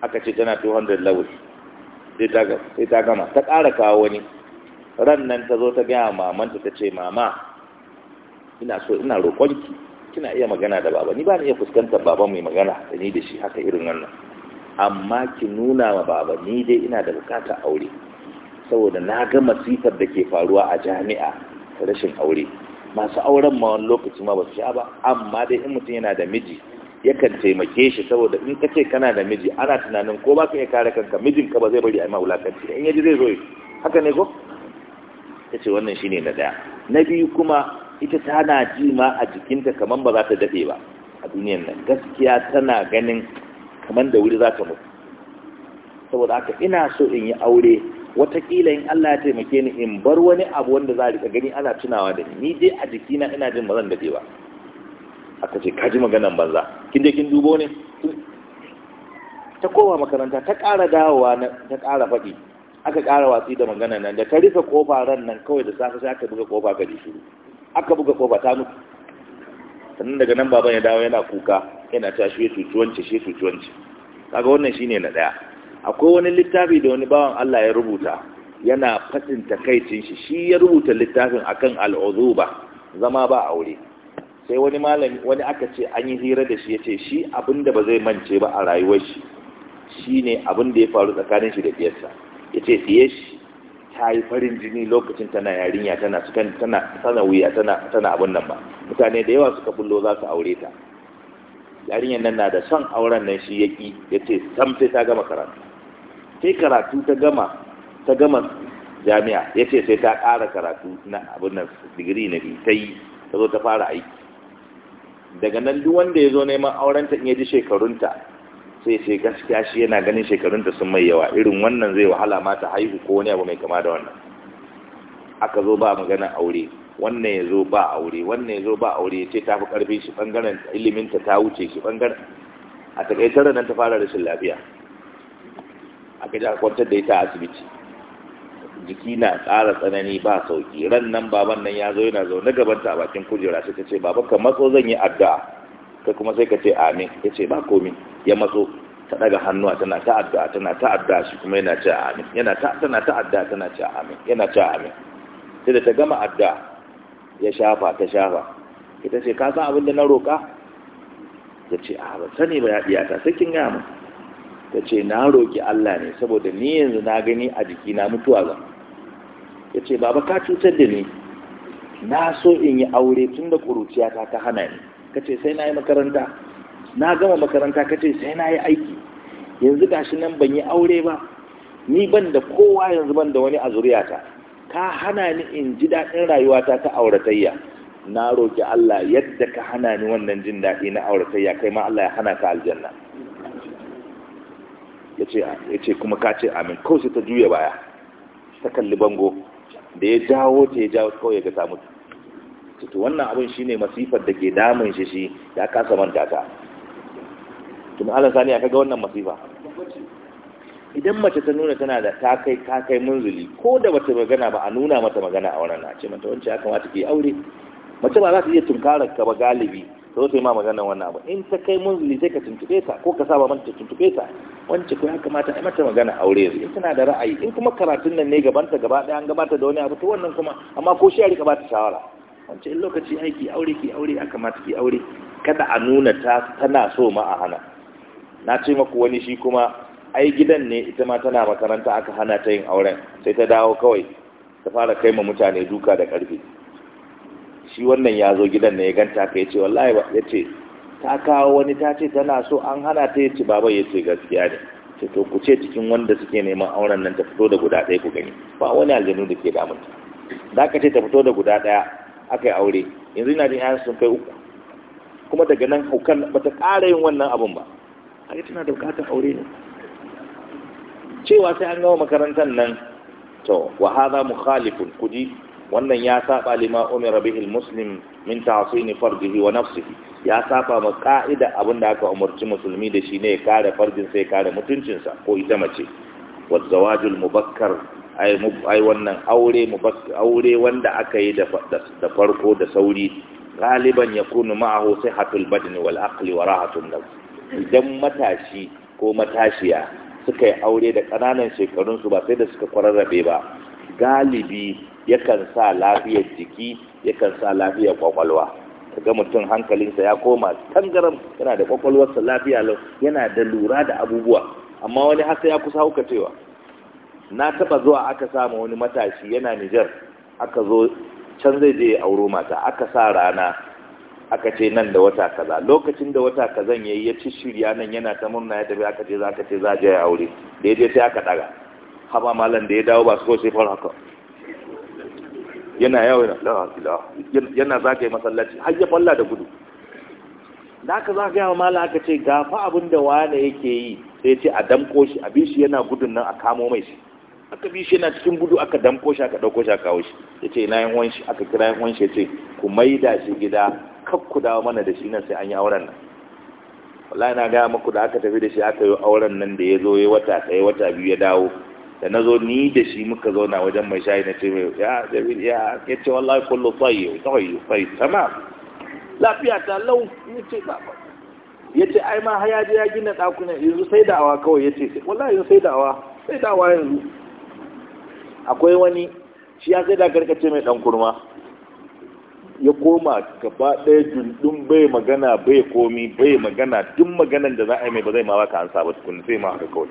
aka ce tana 200 lawul sai ta gama ta ƙara kawo wani ran nan ta zo ta gaya mamanta ta ce mama ina so ina roƙonki kina iya magana da baba ni ba ni iya fuskantar baba mai magana da ni da shi haka irin wannan amma ki nuna wa baba ni dai ina da bukata aure saboda na ga masifar da ke faruwa a jami'a rashin aure masu auren ma wani lokaci ma ba su sha ba amma dai in mutum yana da miji yakan taimake shi saboda in ka ce kana da miji ana tunanin ko ba ka iya kare kanka ka ba zai bari a yi wulakanci in yaji zai zo yi haka ne ko ta ce wannan shine na daya na biyu kuma ita tana ji ma a jikinta kamar ba za ta dafe ba a duniyar nan gaskiya tana ganin kamar da wuri za ta mutu saboda haka ina so in yi aure watakila in Allah ya taimake ni in bar wani abu wanda za a rika gani ana tunawa da ni ni dai a jikina ina jin ba zan dafe ba aka ce kaji maganan banza kin je kin dubo ne ta kowa makaranta ta ƙara dawowa ta ƙara faɗi aka ƙara watsi da maganan nan da ta rufe kofa ran nan kawai da safe sai aka buga kofa ka ji shiru aka buga kofa ta nuku sannan daga nan baban ya dawo yana kuka yana ta shi cuci wance shi cuci kaga wannan shine na daya akwai wani littafi da wani bawan Allah ya rubuta yana fatin takaicin shi shi ya rubuta littafin akan al'uzuba zama ba aure sai wani malami wani aka ce an yi hira da shi ya ce shi abinda ba zai mance ba a rayuwar shi shi ne abinda ya faru tsakanin shi da diyarsa ya ce diye shi ta yi farin jini lokacin tana yarinya tana cikin tana tana wuya tana tana abin nan ba mutane da yawa suka bullo za su aure ta yarinyar nan na da son auren nan shi ya ki ya ce sam sai ta gama karatu sai karatu ta gama ta gama jami'a ya ce sai ta ƙara karatu na abin nan digiri na biyu ta yi ta zo ta fara aiki daga nan duk wanda ya zo neman auren ta in ya ji shekarunta sai sai gaskiya shi yana ganin shekarunta sun mai yawa irin wannan zai wahala mata haihu ko wani abu mai kama da wannan aka zo ba maganar aure wannan ya zo ba aure wannan ya zo ba aure ya ce ta fi ƙarfin shi ɓangaren iliminta ta wuce shi ɓangaren a takaitar nan ta fara rashin lafiya aka ji a kwantar da ita a asibiti jiki na ƙara tsanani ba sauki ran nan baban nan ya zo yana zaune gabanta a bakin kujera sai ta ce baba ka matso zan yi addu'a ka kuma sai ka ce amin ya ce ba komi ya matso ta daga hannuwa tana ta addu'a tana ta addu'a shi kuma yana ce amin yana ta tana ta addu'a tana ce amin yana ce amin sai da ta gama addu'a ya shafa ta shafa ita ce ka san abin da na roka ya ce a ba sani ba ya ta, sai kin gaya mun ta ce na roƙi Allah ne saboda ni yanzu na gani a jiki na mutuwa ba. ya ce baba ka cutar da ni na so in yi aure tun da ƙuruciyata ta hana ni ka ce sai na yi makaranta na gama makaranta ka ce sai na yi aiki yanzu gashi nan ban yi aure ba ni ban da kowa yanzu ban da wani a zuriyata ka hana ni in ji daɗin rayuwata ta auratayya na roƙi Allah yadda ka hana ni wannan jin daɗi na auratayya kai ma Allah ya hana ka aljanna ya ce kuma ka ce amin kawai sai ta juya baya ta kalli bango da ya jawo ta ya jawo kawai ga samu to wannan abin shi ne masifar da ke damun shi shi ya kasa manta ta tun ala sani aka ga wannan masifa idan mace ta nuna tana da ta kai ka kai munzuli ko da wata magana ba a nuna mata magana a wannan na ce mata wancan ya kamata ki aure mace ba za ta iya tunkarar ka ba galibi da ta ma wannan abu in ta kai mun sai ka tuntube ta ko ka saba mata tuntube ta wance ko ya kamata a mata magana aure yanzu in tana da ra'ayi in kuma karatun nan ne gaban ta gaba ɗaya an gabata da wani abu to wannan kuma amma ko shi a rika bata shawara wance in lokaci aiki aure ki aure ya kamata ki aure kada a nuna ta tana so ma a hana na ce maku wani shi kuma ai gidan ne ita ma tana makaranta aka hana ta yin auren sai ta dawo kawai ta fara kai ma mutane duka da karfi shi wannan ya zo gidan ne ya ganta ka ya ce wallahi ya ce ta kawo wani ta ce tana so an hana ta ya ce baba ya ce gaskiya ne ce to ku ce cikin wanda suke neman auren nan ta fito da guda ɗaya ku gani ba wani aljanu da ke damunta da ka ce ta fito da guda ɗaya aka yi aure yanzu ina jin yayan sun kai uku kuma daga nan haukan ba ta ƙara yin wannan abun ba a tana da bukatar aure ne cewa sai an gama makarantar nan to wa hadha mukhalifun kuji wannan ya saba lima umira bihi muslim min ta'sin fardihi wa nafsihi ya saba ma ka'ida da aka umarci musulmi da shi ne ya kare fardin sai kare mutuncinsa ko ita mace wa zawajul mubakkar ai wannan aure aure wanda aka yi da farko da sauri galiban yakunu ma'ahu sihhatul badni wal aqli wa rahatun nafs idan matashi ko matashiya suka yi aure da ƙananan shekarunsu ba sai da suka kwararrabe ba galibi yakan sa lafiyar jiki yakan sa lafiyar kwakwalwa ga mutum hankalinsa ya koma tangaram yana da kwakwalwarsa lafiya lau yana da lura da abubuwa amma wani haka ya kusa hauka cewa na taba zuwa aka samu wani matashi yana nijar aka zo can zai je auro mata aka sa rana aka ce nan da wata kaza lokacin da wata kazan yayi ya ci shirya nan yana ta murna ya tafi aka ce za ka ce za je aure da ya sai aka daga haba malam da ya dawo ba su kawai sai fara haka yana yawo yana zagaye masallaci har ya falla da gudu da aka za ka yawa mala aka ce gafa abin da wane yake yi sai ce a damko shi a bishi yana gudun nan a kamo mai shi aka bishi yana cikin gudu aka damko shi aka dauko shi aka kawo shi ya ce ina yan wanshi aka kira yan wanshi ya ce ku da shi gida kak ku dawo mana da shi nan sai an yi auren nan wallahi na gaya maku da aka tafi da shi aka yi auren nan da ya zo ya wata ɗaya wata biyu ya dawo da na zo ni da shi muka zauna wajen mai shayi na ce mai ya jabil ya ya ce wallahi kullu tsaye tsayi tsaye sama lafiya ta lau ya ce ba ya ce ai ma haya ya gina ɗakunan yanzu sai da awa kawai ya ce wallahi yanzu sai da awa sai da awa yanzu akwai wani shi ya sai da karkace mai ɗan kurma ya koma gaba ɗaya jundun bai magana bai komi bai magana duk maganan da za a yi mai ba zai ma baka ansa ba tukun sai ma haka kawai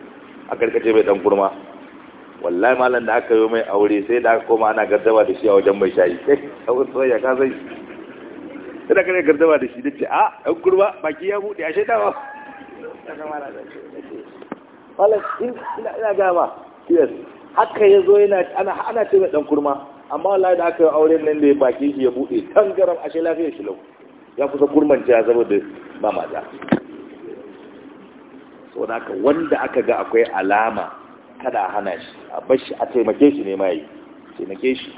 a karkace mai ɗan kurma wallahi malam da aka yi mai aure sai da aka koma ana gardaba da shi a wajen mai shayi abin soyayya ka sai sai da kare gardaba da shi da ce a ɗan kurba baki ya buɗe a shaidawa malam ina gama yes haka ya zo yana ana ce mai ɗan kurma amma wallahi da aka yi auren nan da ya baki shi ya buɗe tangaram ashe lafiya shi lau ya kusa kurmanci ya zama da ba mata so da wanda aka ga akwai alama kada a hana shi a bashi a taimake shi ne mai taimake shi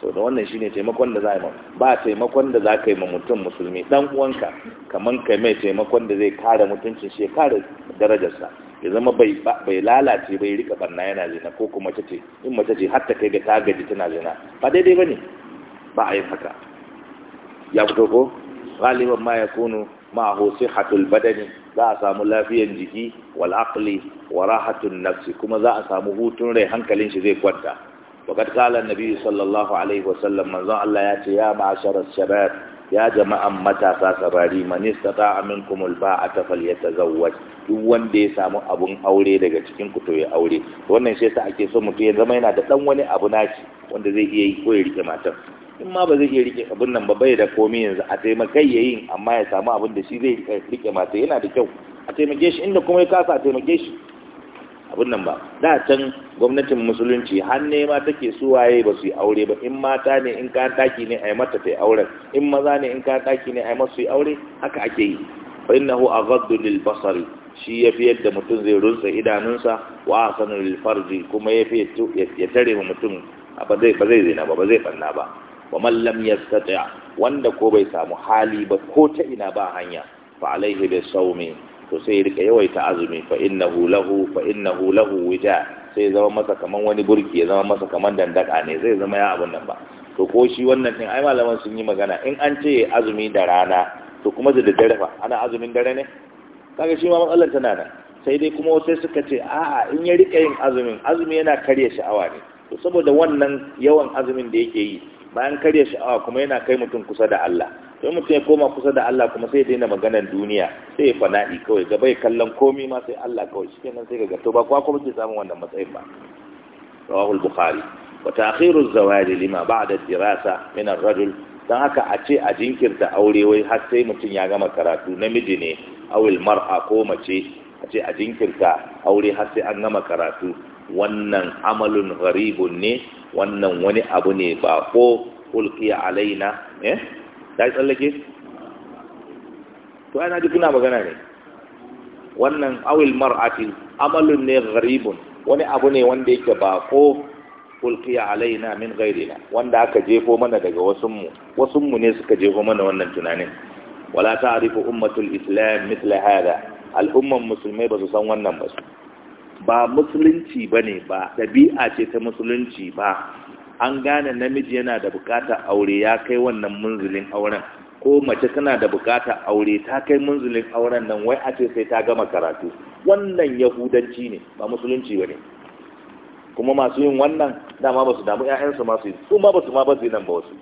sau da wannan shine taimakon da za yi ba taimakon da za ka yi ma mutum musulmi dan uwanka kaman kai mai taimakon da zai kare mutuncin shi ya kare darajarsa ya zama bai lalace bai rika barna yana zina ko kuma mace ce in mace ce har ta kai ga tagaji tana zina ba daidai bane ba a yi haka ya fito ko galiban ma ya kunu ma sihatul badani za a samu lafiyan jiki wal aqli wa rahatun nafsi kuma za a samu hutun rai hankalin shi zai kwanta waqad qala an-nabi sallallahu alaihi wa sallam Allah ya ce ya ma'ashara shabab ya jama'an matasa sabari man istata'a minkum al-ba'ata falyatazawwaj duk wanda ya samu abun aure daga cikin ku to ya aure wannan shi yasa ake so mutum ya zama yana da dan wani abu naki wanda zai iya yi ko ya rike matar in ma ba zai iya rike abin nan ba bai da komi yanzu a taimakai ya yin amma ya samu abin da shi zai rike mata yana da kyau a taimake shi inda kuma ya kasa a taimake shi abin nan ba da can gwamnatin musulunci har ne ma take su waye ba su yi aure ba in mata ne in ka daki ne a yi mata ta yi auren in maza ne in ka daki ne a yi su yi aure haka ake yi fa innahu aghaddu lil basari shi ya fi yadda mutum zai runtsa idanunsa wa asanu lil farji kuma ya fi ya tare mutum ba zai zina ba ba zai banna ba wa man lam yastati wanda ko bai samu hali ba ko ta ina ba hanya fa alaihi bi sawmi to sai rika yawaita azumi fa innahu lahu fa innahu lahu wija sai zama masa kaman wani burki ya zama masa kaman dandaka ne zai zama ya abun nan ba to ko shi wannan din ai malaman sun yi magana in an ce azumi da rana to kuma da dare fa ana azumin dare ne kaga shi ma matsalar tana nan sai dai kuma sai suka ce a'a in ya rika yin azumin azumi yana karya sha'awa ne to saboda wannan yawan azumin da yake yi bayan karya sha'awa kuma yana kai mutum kusa da Allah sai mutum ya koma kusa da Allah kuma sai ya daina maganar duniya sai ya fana'i kawai ga bai kallon komi ma sai Allah kawai shi kenan sai ga gato ba kwa kuma ke samun wannan matsayin ba rawahul bukhari wa ta'khiru zawaji lima ba'da dirasa min ar-rajul dan haka a ce a jinkirta aure wai har sai mutum ya gama karatu namiji ne awil mar'a ko mace a ce a jinkirta aure har sai an gama karatu wannan amalun gharibun ne wannan wani abu ne ba ko ulqiya alaina eh dai tsallake to ana ji kuna magana ne wannan awil mar'ati amalun ne gharibun wani abu ne wanda yake ba ko ulqiya alaina min ghairina wanda aka jefo mana daga wasunmu wasunmu ne suka jefo mana wannan tunanin wala ta'rifu ummatul islam mithla hada al'umman musulmai ba su san wannan ba su ba musulunci ba ne ba ɗabi'a ce ta musulunci ba an gane namiji yana da bukata aure ya kai wannan munzulin auren ko mace tana da bukata aure ta kai munzulin auren nan wai a ce sai ta gama karatu wannan yahudanci ne ba musulunci ba ne kuma masu yin wannan dama ba su damu 'ya'yansu masu yi su ma ba su ma ba nan ba wasu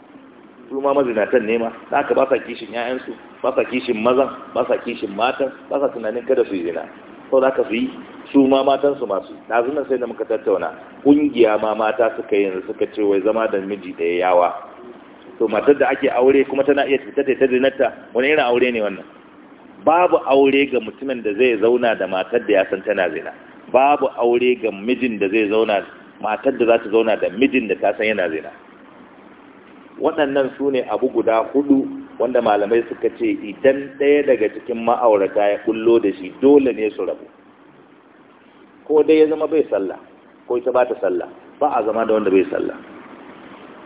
su ma mazinatan ne ma za ka ba sa kishin 'ya'yansu ba sa kishin mazan ba sa kishin matan ba sa tunanin kada su yi zina sau da su yi su ma matan su masu na nan sai da muka tattauna kungiya ma mata suka yanzu suka ce wai zama da miji ɗaya yawa to matar da ake aure kuma tana iya cuta ta ta dinarta wani irin aure ne wannan babu aure ga mutumin da zai zauna da matar da ya san tana zina babu aure ga mijin da zai zauna matar da za ta zauna da mijin da ta san yana zina waɗannan su ne abu guda hudu wanda malamai suka ce idan ɗaya daga cikin ma'aurata ya kullo da shi dole ne su rabu ko dai ya zama bai sallah ko ita ba ta sallah ba a zama da wanda bai sallah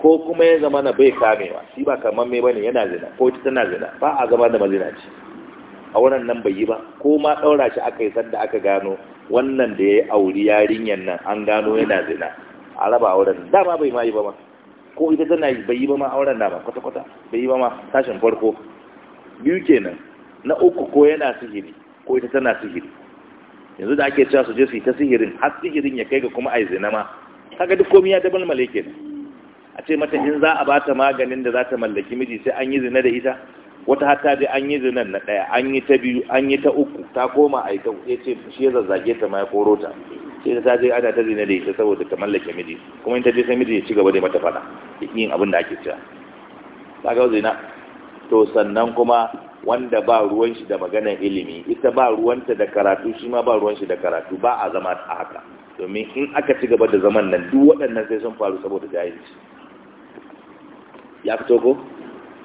ko kuma ya zama na bai kamewa shi ba kamar mai bane yana zina ko ita tana zina ba a zama da ce a wannan nan bai yi ba ko ma ɗaura shi aka yi sanda aka gano wannan da ya yi auri yarinyar nan an gano yana zina a raba wurin dama bai ma yi ba ma ko ita tana bai yi ba ma auren da ba kwata-kwata bai yi ba ma tashin farko biyu kenan na uku ko yana sihiri ko ita tana sihiri yanzu da ake cewa su je su yi ta sihirin har sihirin ya kai ga kuma ai zina ma kaga duk komai ya malaike ne a ce mata in za a ba ta maganin da za ta mallaki miji sai an yi zina da ita wata hata dai an yi zinan na ɗaya an yi ta biyu an yi ta uku ta koma a ita ya ce shi ya zazzage ta ma ya koro ta sai ta je ana ta zina da ita saboda ta mallake miji kuma in ta je sai miji ya ci gaba da mata fada yin abin da ake cewa ta ga zina to sannan kuma wanda ba ruwan shi da maganar ilimi ita ba ruwanta da karatu shi ma ba ruwan shi da karatu ba a zama a haka domin in aka ci gaba da zaman nan duk waɗannan sai sun faru saboda jahilci ya fito ko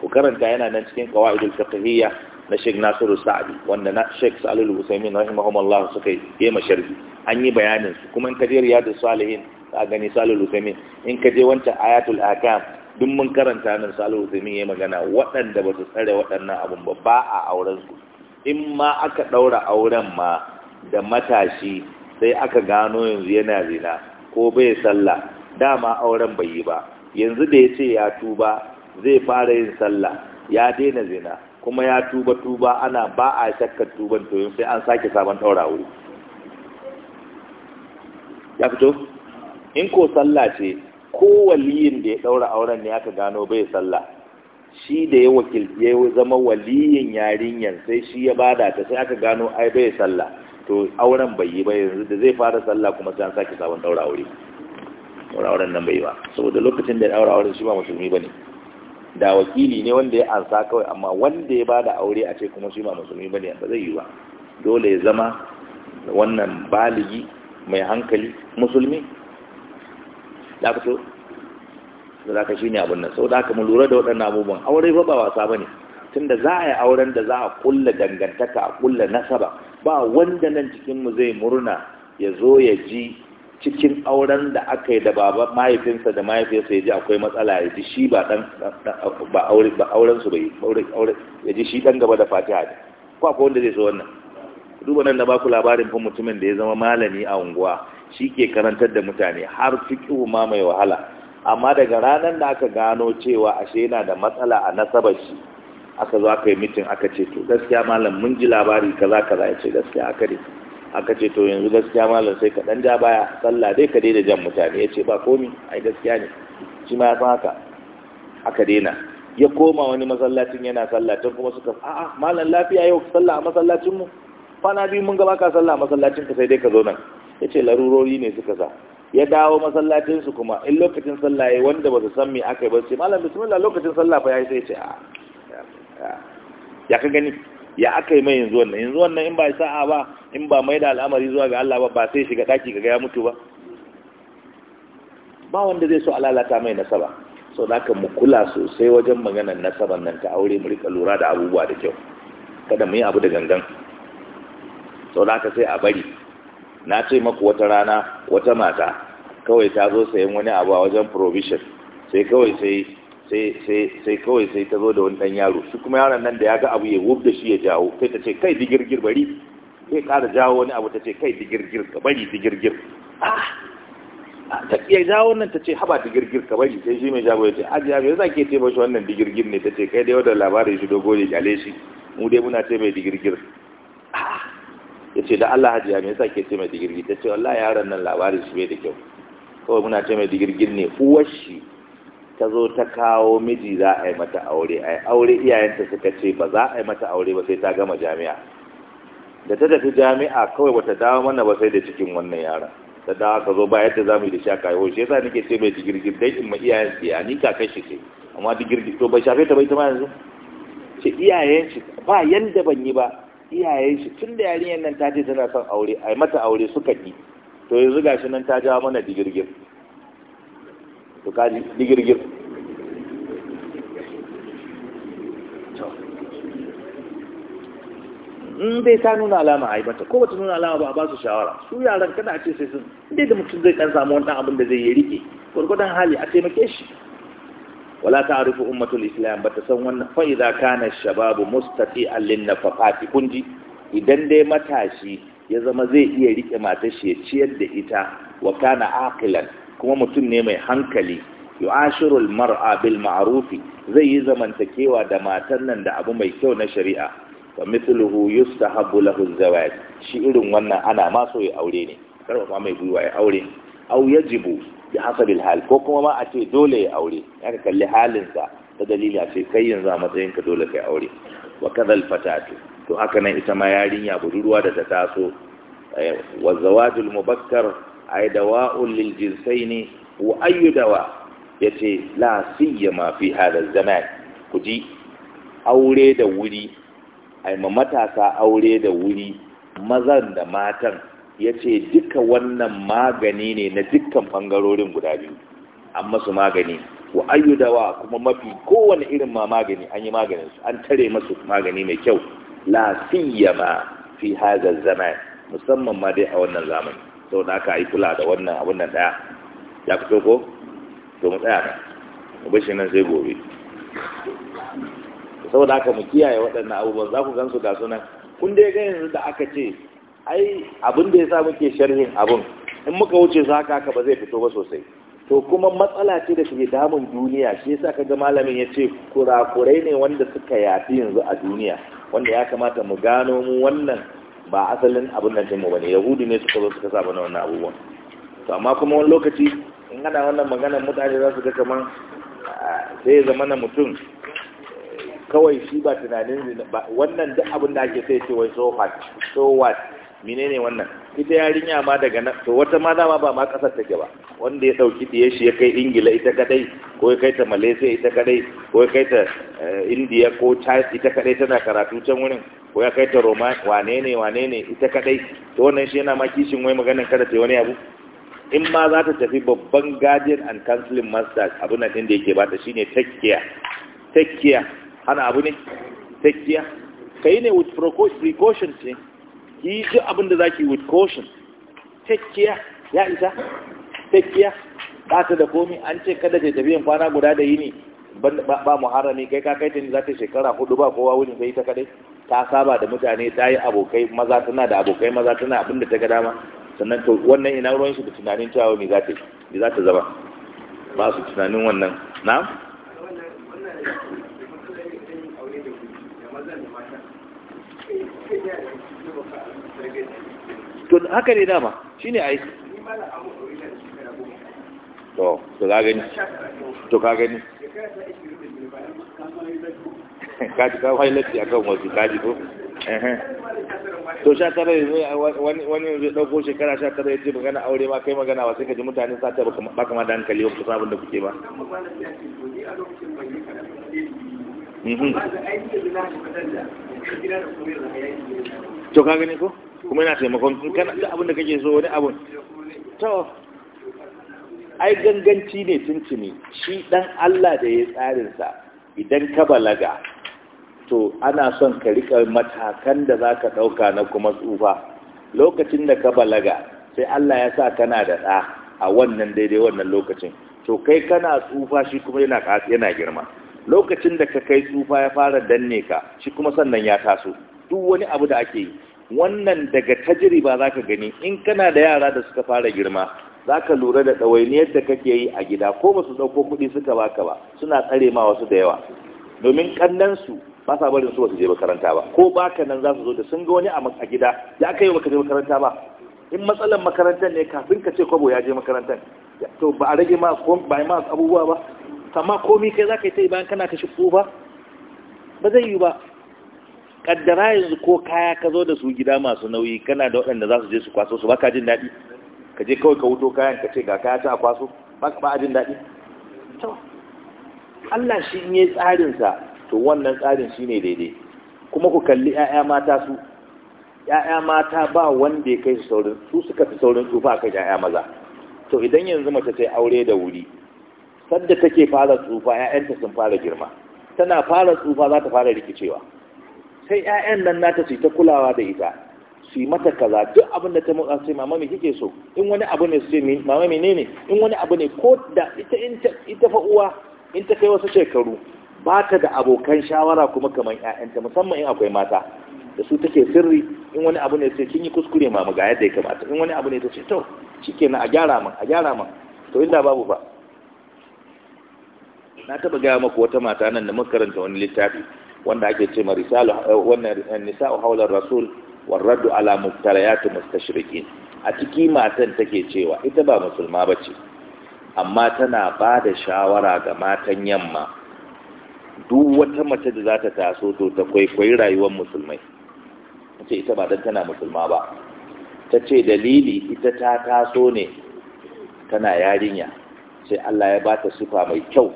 ku karanta yana nan cikin qawaidul fiqhiyya na Sheikh Nasiru Sa'di wanda na Sheikh Salih Al-Utsaimin rahimahumullah suka yi ma sharhi an yi bayanin su kuma in ka je Riyadus Salihin ka gani Salih al in ka je wancan Ayatul Ahkam duk mun karanta nan Salih Al-Utsaimin yayi magana waɗanda ba su tsare waɗannan abun ba ba a auren su in ma aka daura auren ma da matashi sai aka gano yanzu yana zina ko bai sallah dama auren bai yi ba yanzu da ya ce ya tuba zai fara yin sallah ya daina zina kuma ya tuba tuba ana ba a shakkar tuban to sai an sake sabon daura wuri ya fito in ko sallah ce ko waliyin da ya daura auren ne aka gano bai sallah shi da ya wakilci ya zama waliyin yarinyar sai shi ya bada ta sai aka gano ai bai sallah to auren bai yi ba yanzu da zai fara sallah kuma sai an sake sabon daura wuri auren nan bai ba saboda lokacin da ya daura auren shi ba musulmi bane da wakili ne wanda ya ansa kawai amma wanda ya bada aure a ce kuma shi ba musulmi bane ba zai yi ba dole ya zama wannan baligi mai hankali musulmi da ka so da za ka shi ne abin nan sau da ka mu lura da waɗannan abubuwan aure ba ba wasa ba ne tun za a yi auren da za a kulla dangantaka a kulla nasaba ba wanda nan cikinmu zai murna ya zo ya ji cikin auren da aka yi da baba mahaifinsa da mahaifinsa ya ji akwai matsala ya ji shi ba dan ba aure ba auren su bai aure ya ji shi dan gaba da fatiha ne ko akwai wanda zai so wannan duba nan na ku labarin fa mutumin da ya zama malami a unguwa shi ke karantar da mutane har fiqhu ma mai wahala amma daga ranar da aka gano cewa ashe yana da matsala a nasabar shi aka zo aka yi mitin aka ce to gaskiya malam mun ji labari kaza kaza ya ce gaskiya aka ne aka ce to yanzu gaskiya malam sai ka dan ja baya sallah dai ka daina jan mutane ya ce ba komi ai gaskiya ne shi ma ya san haka aka daina ya koma wani masallacin yana sallah tun kuma suka a'a malam lafiya yau sallah a masallacin mu kwana biyu mun gaba ka sallah a masallacin ka sai dai ka zo nan ya ce larurori ne suka sa ya dawo masallacin su kuma in lokacin sallah yayi wanda ba su san me aka yi ba sai malam bismillah lokacin sallah fa yayi sai ya ce a ya ka gani ya aka yi mai yanzu wannan yanzu wannan in ba sa'a ba in ba mai da al'amari zuwa ga Allah ba ba sai shiga daki ga ya mutu ba ba wanda zai so alalata mai nasaba so da mu kula sosai wajen maganar nasaban nan ta aure mu rika lura da abubuwa da kyau kada mu yi abu da gangan so da sai a bari na ce maku wata rana wata mata kawai ta zo sayan wani abu a wajen provision sai kawai sai sai kawai sai ta zo da wani dan yaro shi kuma yaron nan da ya ga abu ya wub da shi ya jawo sai ta ce kai digirgir bari sai kara jawo wani abu ta ce kai digirgir ka bari digirgir ah! ta iya jawo nan ta ce haba digirgir ka bari sai shi mai jawo ya ce ajiya me yasa ke ce mashi wannan digirgir ne ta ce kai dai wadda labarin shi dogo ne gale shi mu dai muna ce mai digirgir ah! ya ce da Allah hajiya me yasa ke ce mai digirgir ta ce wallahi yaron nan labarin shi bai da kyau kawai muna ce mai digirgir ne uwar shi ta zo ta kawo miji za a yi mata aure a yi aure iyayenta suka ce ba za a yi mata aure ba sai ta gama jami'a da ta tafi jami'a kawai bata dawo mana ba sai da cikin wannan yaran. ta dawo ka zo ba yadda za mu yi da sha yau shi yasa nake ce mai digirgir dai in ma iyayen su ya ni kakan shi ce amma digirgir to bai shafe ta bai ta ma yanzu ce iyayen shi ba yanda ban yi ba iyayen shi tun da yarinyar nan ta ce tana son aure a yi mata aure suka ki to yanzu gashi nan ta jawo mana digirgir to digirgir in dai ta nuna alama a yi mata ko bata nuna alama ba a ba shawara su yaran kada a ce sai sun inda da mutum zai kan samu wani abin da zai yi rike gwargwadon hali a taimake shi wala ta arifu ummatul islam bata san wannan fa idza kana shababu mustati'an lin nafaqati kunji idan dai matashi ya zama zai iya rike matar shi ya ciyar da ita wa kana aqilan kuma mutum ne mai hankali yu'ashirul mar'a bil ma'rufi zai yi zamantakewa da matan nan da abu mai kyau na shari'a wa mithluhu yustahabbu lahu zawaj shi irin wannan ana ma so ya aure ne karfafa mai gwiwa ya aure au yajibu bi hasabil hal ko kuma ma a ce dole ya aure ya kalli halinsa ta dalili a ce kai yanzu a matsayin ka dole kai aure wa kadhal fatatu to haka nan ita ma yarinya budurwa da ta taso eh, wa zawajul mubakkar ay dawa'un lil jinsaini wa ayyu dawa yace la siyama fi hada zaman kuji aure da wuri ai ma matasa aure da wuri mazan da matan yace duka wannan magani ne na dukkan bangarorin guda biyu an masu magani wa dawa kuma mafi kowane irin ma magani an yi maganin su an tare masu magani mai kyau la siyama fi hadha zaman musamman ma dai a wannan zamani sau da aka yi kula da wannan abin nan daya ya fito ko to mu tsaya mu bashi nan sai gobe saboda haka mu kiyaye waɗannan abubuwan za ku gan su ga sunan kun dai ga yanzu da aka ce ai abin da ya sa muke sharhin abin in muka wuce su haka haka ba zai fito ba sosai to kuma matsala ce da ke damun duniya shi yasa ka ga malamin ya ce kurakurai ne wanda suka yafi yanzu a duniya wanda ya kamata mu gano mu wannan ba asalin abin nan ɗinmu ba bane yahudu ne suka zo suka sa na wannan abubuwan to amma kuma wani lokaci in ana wannan maganar mutane za su ga kamar sai zama na mutum kawai shi ba tunanin wannan duk abin da ake sai ce wai so what so what menene wannan ita yarinya ma daga nan to wata ma dama ba ma kasar take ba wanda ya dauki diye shi ya kai ingila ita kadai ko ya kai ta malaysia ita kadai ko ya kai ta eh, india ko china ita kadai tana karatu can wurin ko ya kai ta roma wane ne wane ne ita kadai to wannan shi yana ma kishin wai maganar kada ta wani abu in ma za ta tafi babban guardian and counseling master abin nan din da yake bata shine take care take care hana abu ne take care kai ne with precaution ce ki ji abin da zaki with caution take care ya isa take care ba ta da komi an ce kada ta tafi kwana guda da yini ba muharami kai ka kai ta za ta shekara hudu ba kowa wurin zai ta kadai ta saba da mutane ta yi abokai maza tana da abokai maza tana abin da ta ga dama sannan to wannan ina ruwan shi da tunanin cewa me za ta yi za ta zama ba su tunanin wannan na to haka ne dama shine ai to to ka gani to ka gani kaji kawai latti akan wasu kaji ko to sha tara wani yanzu dauko shekara sha tara ya ce magana aure ma kai magana ba sai ka ji mutane sata ba kama da hankali ba kusa abin da kuke ba mhm. to ka gani ko kuma yana taimakon kana abin da kake so wani abin to ai ganganci ne tuntuni shi dan Allah da ya tsarinsa idan ka balaga to ana son ka rika matakan da za ka ɗauka na kuma tsufa lokacin da ka balaga sai Allah ya sa kana da ɗa a wannan daidai wannan lokacin to kai kana tsufa shi kuma yana yana girma lokacin da ka kai tsufa ya fara danne ka shi kuma sannan ya taso duk wani abu da ake yi wannan daga tajiriba za ka gani in kana da yara da suka fara girma za ka lura da ɗawainiyar da kake yi a gida ko ba ɗauko kuɗi suka baka ba suna tsare ma wasu da yawa domin ƙannansu ba sa barin su ba su je makaranta ba ko baka nan za su zo da sun ga wani a gida ya kai yi baka je makaranta ba in matsalar makarantar ne kafin ka ce kwabo ya je makarantar to ba a rage ma ba ma abubuwa ba amma komi kai za ka yi ta yi bayan kana kashe ko ba ba zai yi ba kaddara yanzu ko kaya ka zo da su gida masu nauyi kana da waɗanda za su je su kwaso su baka jin daɗi ka je kawai ka wuto kayan ka ce ga kaya ta kwaso ba ka ba jin daɗi Allah shi in yi tsarinsa to wannan tsarin shi ne daidai kuma ku kalli 'ya'ya mata su 'ya'ya mata ba wanda ya kai su saurin su suka fi saurin tsufa a kan 'ya'ya maza to idan yanzu mace ta aure da wuri sadda take fara tsufa 'ya'yanta sun fara girma tana fara tsufa za ta fara rikicewa sai 'ya'yan nan nata ce ta kulawa da ita su yi mata kaza duk abin da ta motsa sai mama me kike so in wani abu ne su ce mama ne in wani abu ne ko da ita ita fa uwa in ta kai wasu shekaru ba ta da abokan shawara kuma kamar ƴaƴanta musamman in akwai mata da su take sirri in wani abu ne sai kin yi kuskure mama ga yadda ya kamata in wani abu ne ta ce to shikenan a gyara man a gyara man to inda babu ba na taba gaya maku wata mata nan da makaranta wani littafi wanda ake ce ma risalu eh, wannan eh, nisa'u haular rasul warraddu ala ta mustashrikin a ciki matan take cewa ita ba musulma bace amma tana ba da shawara ga matan yamma duk wata mace da za ta taso to ta kwaikwayi rayuwar musulmai ce ita ba dan tana musulma ba ta ce dalili ita ta taso ne tana yarinya sai Allah ya ba ta sifa mai kyau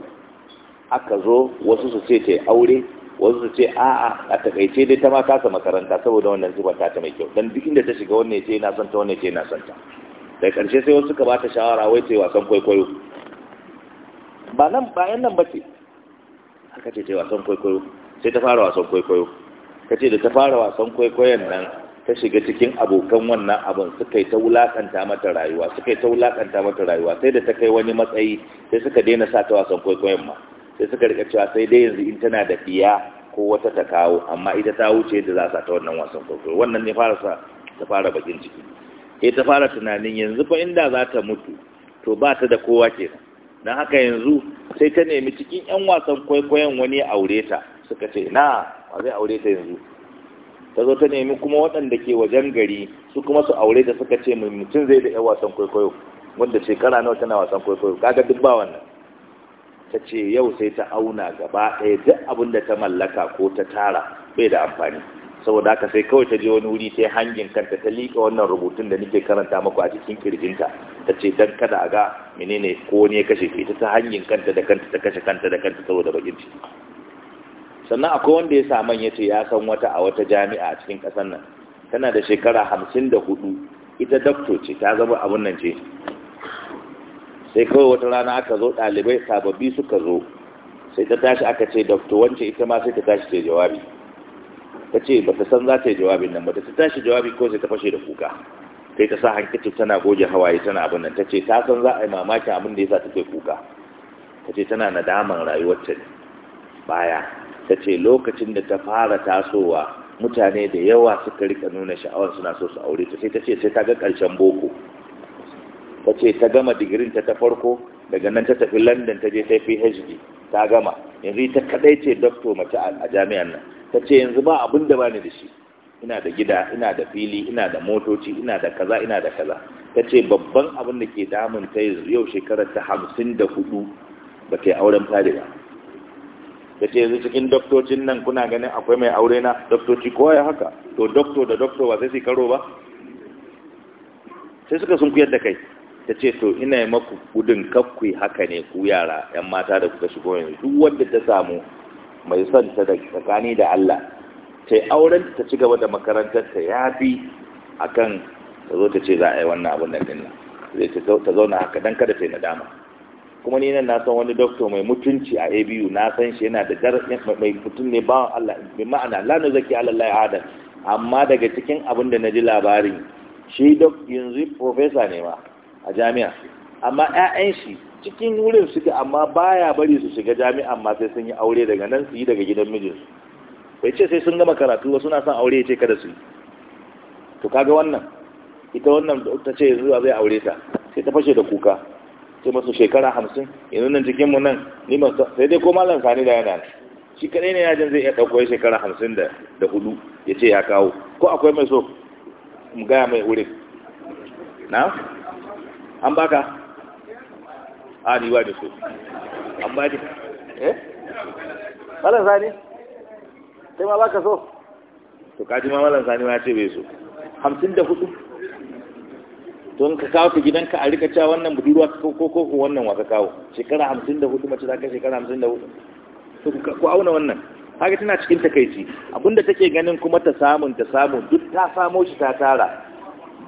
aka zo wasu su ce ta aure wasu ce a'a a takaice dai ta ma kasa makaranta saboda wannan zuba ta ta mai kyau dan duk inda ta shiga wanne ce yana son ta ce yana son ta daga karshe sai wasu suka ba ta shawara wai ta yi wasan kwaikwayo ba nan bayan nan ba ce aka ce ta yi wasan kwaikwayo sai ta fara wasan kwaikwayo ka ce da ta fara wasan kwaikwayon nan ta shiga cikin abokan wannan abin suka yi ta wulakanta mata rayuwa suka yi ta wulakanta mata rayuwa sai da ta kai wani matsayi sai suka daina sa ta wasan kwaikwayon ma sai suka rika cewa sai dai yanzu in tana da biya ko wata ta kawo amma ita ta wuce da za ta wannan wasan kwaikwayo wannan ne fara sa ta fara bakin ciki sai ta fara tunanin yanzu fa inda za ta mutu to ba ta da kowa kenan don haka yanzu sai ta nemi cikin 'yan wasan kwaikwayon wani ya aure ta suka ce na ba zai aure ta yanzu ta zo ta nemi kuma waɗanda ke wajen gari su kuma su aure ta suka ce mai mutum zai da 'yan wasan kwaikwayo wanda shekara nawa tana wasan kwaikwayo kaga duk ba wannan ta ce yau sai ta auna gaba ɗaya duk abin da ta mallaka ko ta tara bai da amfani saboda haka sai kawai ta je wani wuri ta hangin kanta ta liƙa wannan rubutun da nake karanta maku a cikin kirjinta ta ce don kada a ga menene ko ne kashe ita ta hangin kanta da kanta ta kashe kanta da kanta saboda bakin ciki sannan akwai wanda ya sa man ya ce ya san wata a wata jami'a a cikin ƙasar nan tana da shekara hamsin da hudu ita dakto ce ta zama abun nan ce sai kawai wata rana aka zo ɗalibai sababbi suka zo sai ta tashi aka ce dr wance ita ma sai ta tashi ta jawabi ta ce ba ta san za ta yi jawabin nan ba ta tashi jawabi ko sai ta fashe da kuka sai ta sa hankicin tana goge hawaye tana abin nan ta ce ta san za a yi mamakin abin da ya sa ta ke kuka ta ce tana nadaman rayuwarta ne baya ta ce lokacin da ta fara tasowa mutane da yawa suka rika nuna sha'awar suna so su aure ta sai ta ce sai ta ga ƙarshen boko ta ce ta gama digirin ta ta farko daga nan ta tafi london ta je ta phd ta gama yanzu ita kadai ce doctor mace a jami'an nan ta ce yanzu ba abin da bani da shi ina da gida ina da fili ina da motoci ina da kaza ina da kaza ta ce babban abin da ke damun ta yanzu yau shekarar ta hamsin da hudu ba ta yi auren fari ba ta ce yanzu cikin doktocin nan kuna ganin akwai mai aure na doktoci kowa ya haka to doktor da doktor ba sai su karo ba sai suka sun kuyar da kai ta ce to ina yi maku gudun kakwai haka ne ku yara yan mata da kuka shigo yanzu duk wanda ta samu mai son ta da tsakani da Allah ta yi auren ta ci gaba da makarantar ta ya fi a kan ta zo ta ce za a yi wannan abin nan din zai ta zauna haka don kada ta yi nadama kuma ni nan na san wani doktor mai mutunci a ABU na san shi yana da darasin mai mutum ne ba Allah bi ma'ana lana zaki ala Allah adam amma daga cikin abin da na ji labarin shi dok yanzu professor ne ma a jami'a amma 'ya'yan shi cikin wurin suke amma baya bari su shiga jami'a amma sai sun yi aure daga nan su yi daga gidan su bai ce sai sun gama karatu wasu na son aure ya ce kada su yi to kaga wannan ita wannan ta ce zuwa zai aure ta sai ta fashe da kuka sai masu shekara hamsin yanzu nan cikinmu nan ni neman sai dai ko malam sani da yana shi kadai ne yajin zai iya ɗauko ya shekara hamsin da hudu ya ce ya kawo ko akwai mai so mu gaya mai wurin na an eh? ba ka? a riwa da su an ba eh malan sani sai ma baka so to kaji ma malan sani ma ya ce bai so hamsin da hudu don ka kawo ka gidanka a rika cewa wannan budurwa ko ko ko wannan wa ka kawo shekara hamsin da hudu mace za ka shekara hamsin da hudu to ku auna wannan haka tana cikin takaici abinda take ganin kuma ta samun ta samun duk ta samo shi ta tara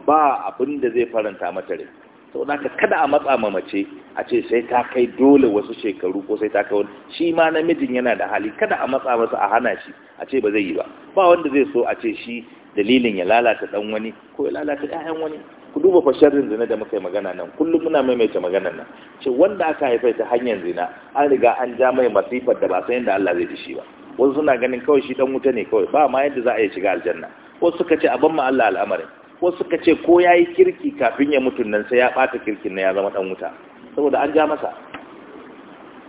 ba abinda zai faranta mata rai sau da kada a matsa ma mace a ce sai ta kai dole wasu shekaru ko sai ta kai wani shi ma namijin yana da hali kada a matsa masa a hana shi a ce ba zai yi ba ba wanda zai so a ce shi dalilin ya lalata dan wani ko ya lalata ɗayan wani ku duba fa zina da muka yi magana nan kullum muna maimaita magana nan ce wanda aka haifa ta hanyar zina an riga an ja mai masifar da ba san yadda Allah zai dishi ba wasu suna ganin kawai shi dan wuta ne kawai ba ma yadda za a yi shiga aljanna wasu suka ce a ban ma Allah al'amarin wasu suka ce ko ya yi kirki kafin ya mutu nan sai ya ɓata kirkin na ya zama ɗan wuta saboda an ja masa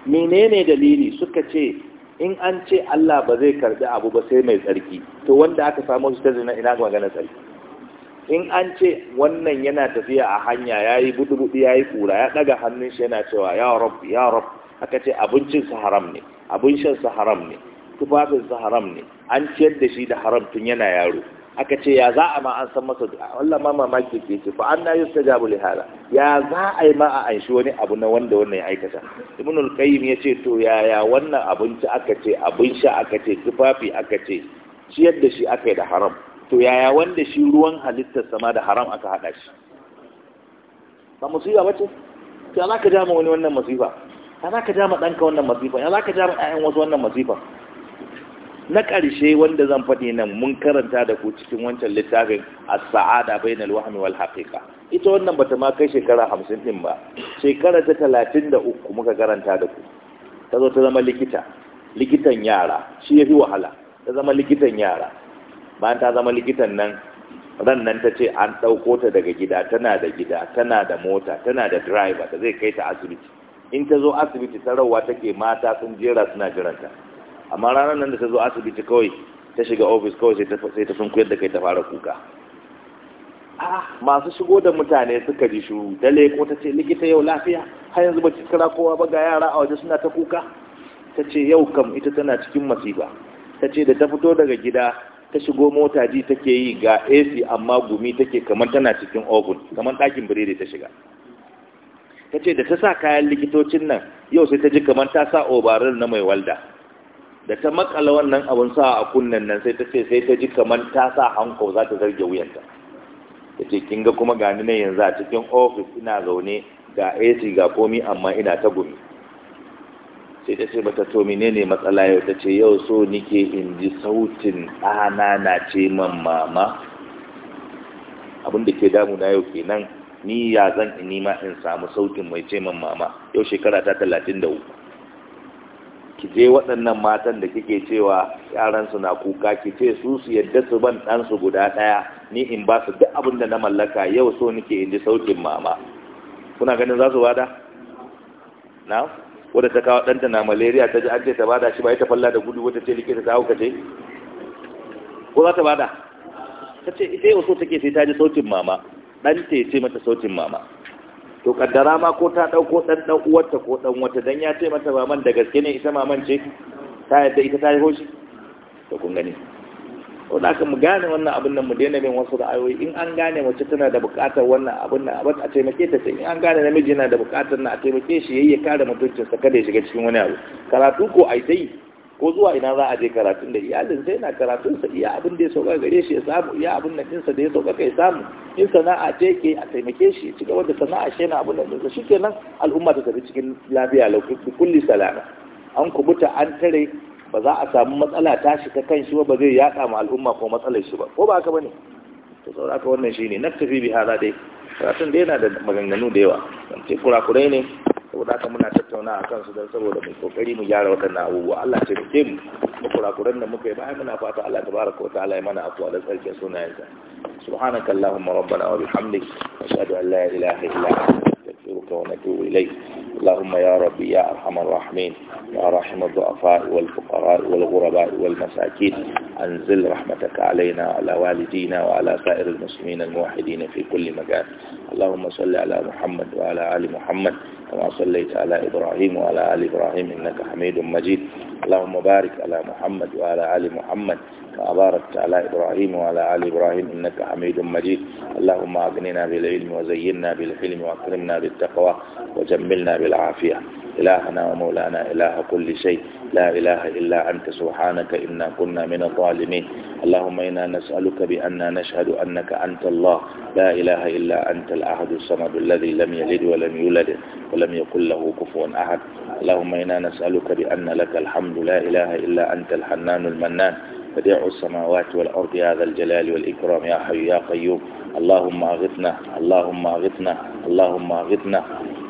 menene dalili suka ce in an ce Allah ba zai karɓi abu ba sai mai tsarki to wanda aka samu shi ta zina ina magana tsarki in an ce wannan yana tafiya a hanya ya yi buɗu ya yi ƙura ya ɗaga hannun shi yana cewa ya rab ya rab aka ce abincinsa haram ne abin shansa haram ne tufafinsa haram ne an ciyar da shi da haram tun yana yaro aka ce ya za a ma an san masa wallah ma mamaki ke ce fa anna yustajabu li hada ya za a yi ma a anshi wani abu na wanda wannan ya aikata ibnul qayyim yace to yaya wannan abinci aka ce abin sha aka ce tufafi aka ce ciyar da shi aka yi da haram to yaya wanda shi ruwan halittar sama da haram aka hada shi ba musiba bace to za ka jama wani wannan masifa ya za ka jama danka wannan masifa ya za ka jama ƴaƴan wasu wannan masifa na ƙarshe wanda zan faɗi nan mun karanta da ku cikin wancan littafin a saada na wahmi wal haƙiƙa ita wannan bata ma kai shekara hamsin din ba shekara ta talatin da uku muka karanta da ku ta zo ta zama likita likitan yara shi ya fi wahala ta zama likitan yara bayan ta zama likitan nan ran nan ta ce an ɗauko ta daga gida tana da gida tana da mota tana da driver da zai kai ta asibiti in ta zo asibiti ta take mata sun jera suna jiranta amma ranar nan da ta zo asibiti kawai ta shiga ofis kawai sai ta sunkuyar da kai ta fara kuka masu shigo da mutane suka ji shuru ta leko ta ce likita yau lafiya har yanzu ba ci kira kowa ba ga yara a waje suna ta kuka ta ce yau kam ita tana cikin masifa ta ce da ta fito daga gida ta shigo mota ji take yi ga ac amma gumi take kamar tana cikin ogun, kamar ɗakin biredi ta shiga ta ce da ta sa kayan likitocin nan yau sai ta ji kamar ta sa obarar na mai walda da ta makala wannan abun sa a kunnen nan sai ta ce sai ta ji kamar ta sa hanko za ta zarge wuyanta ta ce kin ga kuma gani ne yanzu a cikin ofis ina zaune ga AC ga komi amma ina ta gumi sai ta ce bata to menene matsala yau ta ce yau so nike in ji sautin ɗana na ce man mama abin da ke damu na yau kenan ni ya zan in nima in samu sautin mai ce man mama yau shekara ta talatin da uku ki je waɗannan matan da kike cewa yaransu na kuka ki ce su su yadda su ban ɗansu guda ɗaya ni in ba su duk abin da na mallaka yau so nike in ji saukin mama kuna ganin za su bada na wadda ta kawo ɗanta na malaria ta ji an ce ta bada shi ba ita falla da gudu wata ce likita ta hauka ce ko za ta bada ta ce ita yau so take sai ta ji sautin mama ɗan ce mata sautin mama to kaddara ma ko ta dauko dan dan uwarta ko dan wata dan ya ce mata maman da gaske ne ita maman ce ta yadda ita ta yi hoshi to kun gani ko da aka mu gane wannan abin nan mu daina bin wasu ra'ayoyi in an gane mace tana da buƙatar wannan abin nan a taimake ta sai in an gane namiji yana da buƙatar na a taimake shi yayye ya kare mutuncinsa kada ya shiga cikin wani abu karatu ko ai dai ko zuwa ina za a je karatun da iyalin sai na karatun sa iya abin da ya sauka gare shi ya samu iya abin da ɗinsa da ya sauka kai samu in sana'a ce ke a taimake shi ci gaba da sana'a shi na abin da ɗinsa shi nan al'umma ta tafi cikin lafiya lauki kulli salama an kubuta an tare ba za a samu matsala ta shi ta kan shi ba ba zai yaɗa ma al'umma ko matsalar shi ba ko ba haka ba ne to saboda haka wannan shi ne na tafi bi hada dai karatun da yana da maganganu da yawa ce kurakurai ne saboda haka muna tattauna a kansu don saboda mai kokari mu gyara na abubuwa Allah ce da kim da kurakuran da muka yi bayan muna fata Allah tabaraka wa ta'ala ya mana afuwa da tsarkin sunayensa subhanakallahumma rabbana wa bihamdik ashhadu an la ilaha illa anta نستغفرك ونتوب إليك اللهم يا ربي يا أرحم الراحمين يا رحم الضعفاء والفقراء والغرباء والمساكين أنزل رحمتك علينا وعلى والدينا وعلى سائر المسلمين الموحدين في كل مكان اللهم صل على محمد وعلى آل محمد كما صليت على إبراهيم وعلى آل إبراهيم إنك حميد مجيد اللهم بارك على محمد وعلى آل محمد باركت على إبراهيم وعلى آل إبراهيم إنك حميد مجيد اللهم أغننا بالعلم وزينا بالحلم وأكرمنا بالتقوى وجملنا بالعافية إلهنا ومولانا إله كل شيء لا إله إلا أنت سبحانك إنا كنا من الظالمين اللهم إنا نسألك بأن نشهد أنك أنت الله لا إله إلا أنت الأحد الصمد الذي لم يلد ولم يولد ولم يكن له كفوا أحد اللهم إنا نسألك بأن لك الحمد لا إله إلا أنت الحنان المنان بديع السماوات والأرض هذا الجلال والإكرام يا حي يا قيوم اللهم أغثنا اللهم أغثنا اللهم أغثنا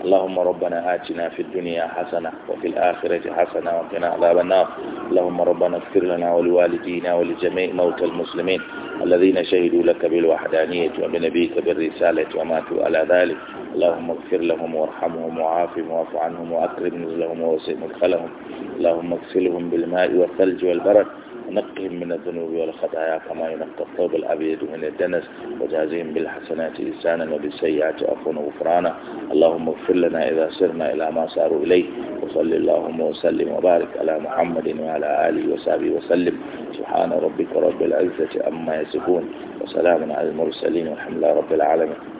اللهم ربنا آتنا في الدنيا حسنة وفي الآخرة حسنة وقنا عذاب النار اللهم ربنا اغفر لنا ولوالدينا ولجميع موتى المسلمين الذين شهدوا لك بالوحدانية وبنبيك بالرسالة وماتوا على ذلك اللهم اغفر لهم وارحمهم وعافهم واعف عنهم وأكرم نزلهم ووسع مدخلهم اللهم اغسلهم بالماء والثلج والبرد نقهم من الذنوب والخطايا كما ينقى الثوب الأبيض من الدنس وجازهم بالحسنات إنسانا وبالسيئات عفوا وغفرانا اللهم اغفر لنا إذا سرنا إلى ما ساروا إليه وصل اللهم وسلم وبارك على محمد وعلى آله وصحبه وسلم سبحان ربك رب العزة عما يصفون وسلام على المرسلين والحمد لله رب العالمين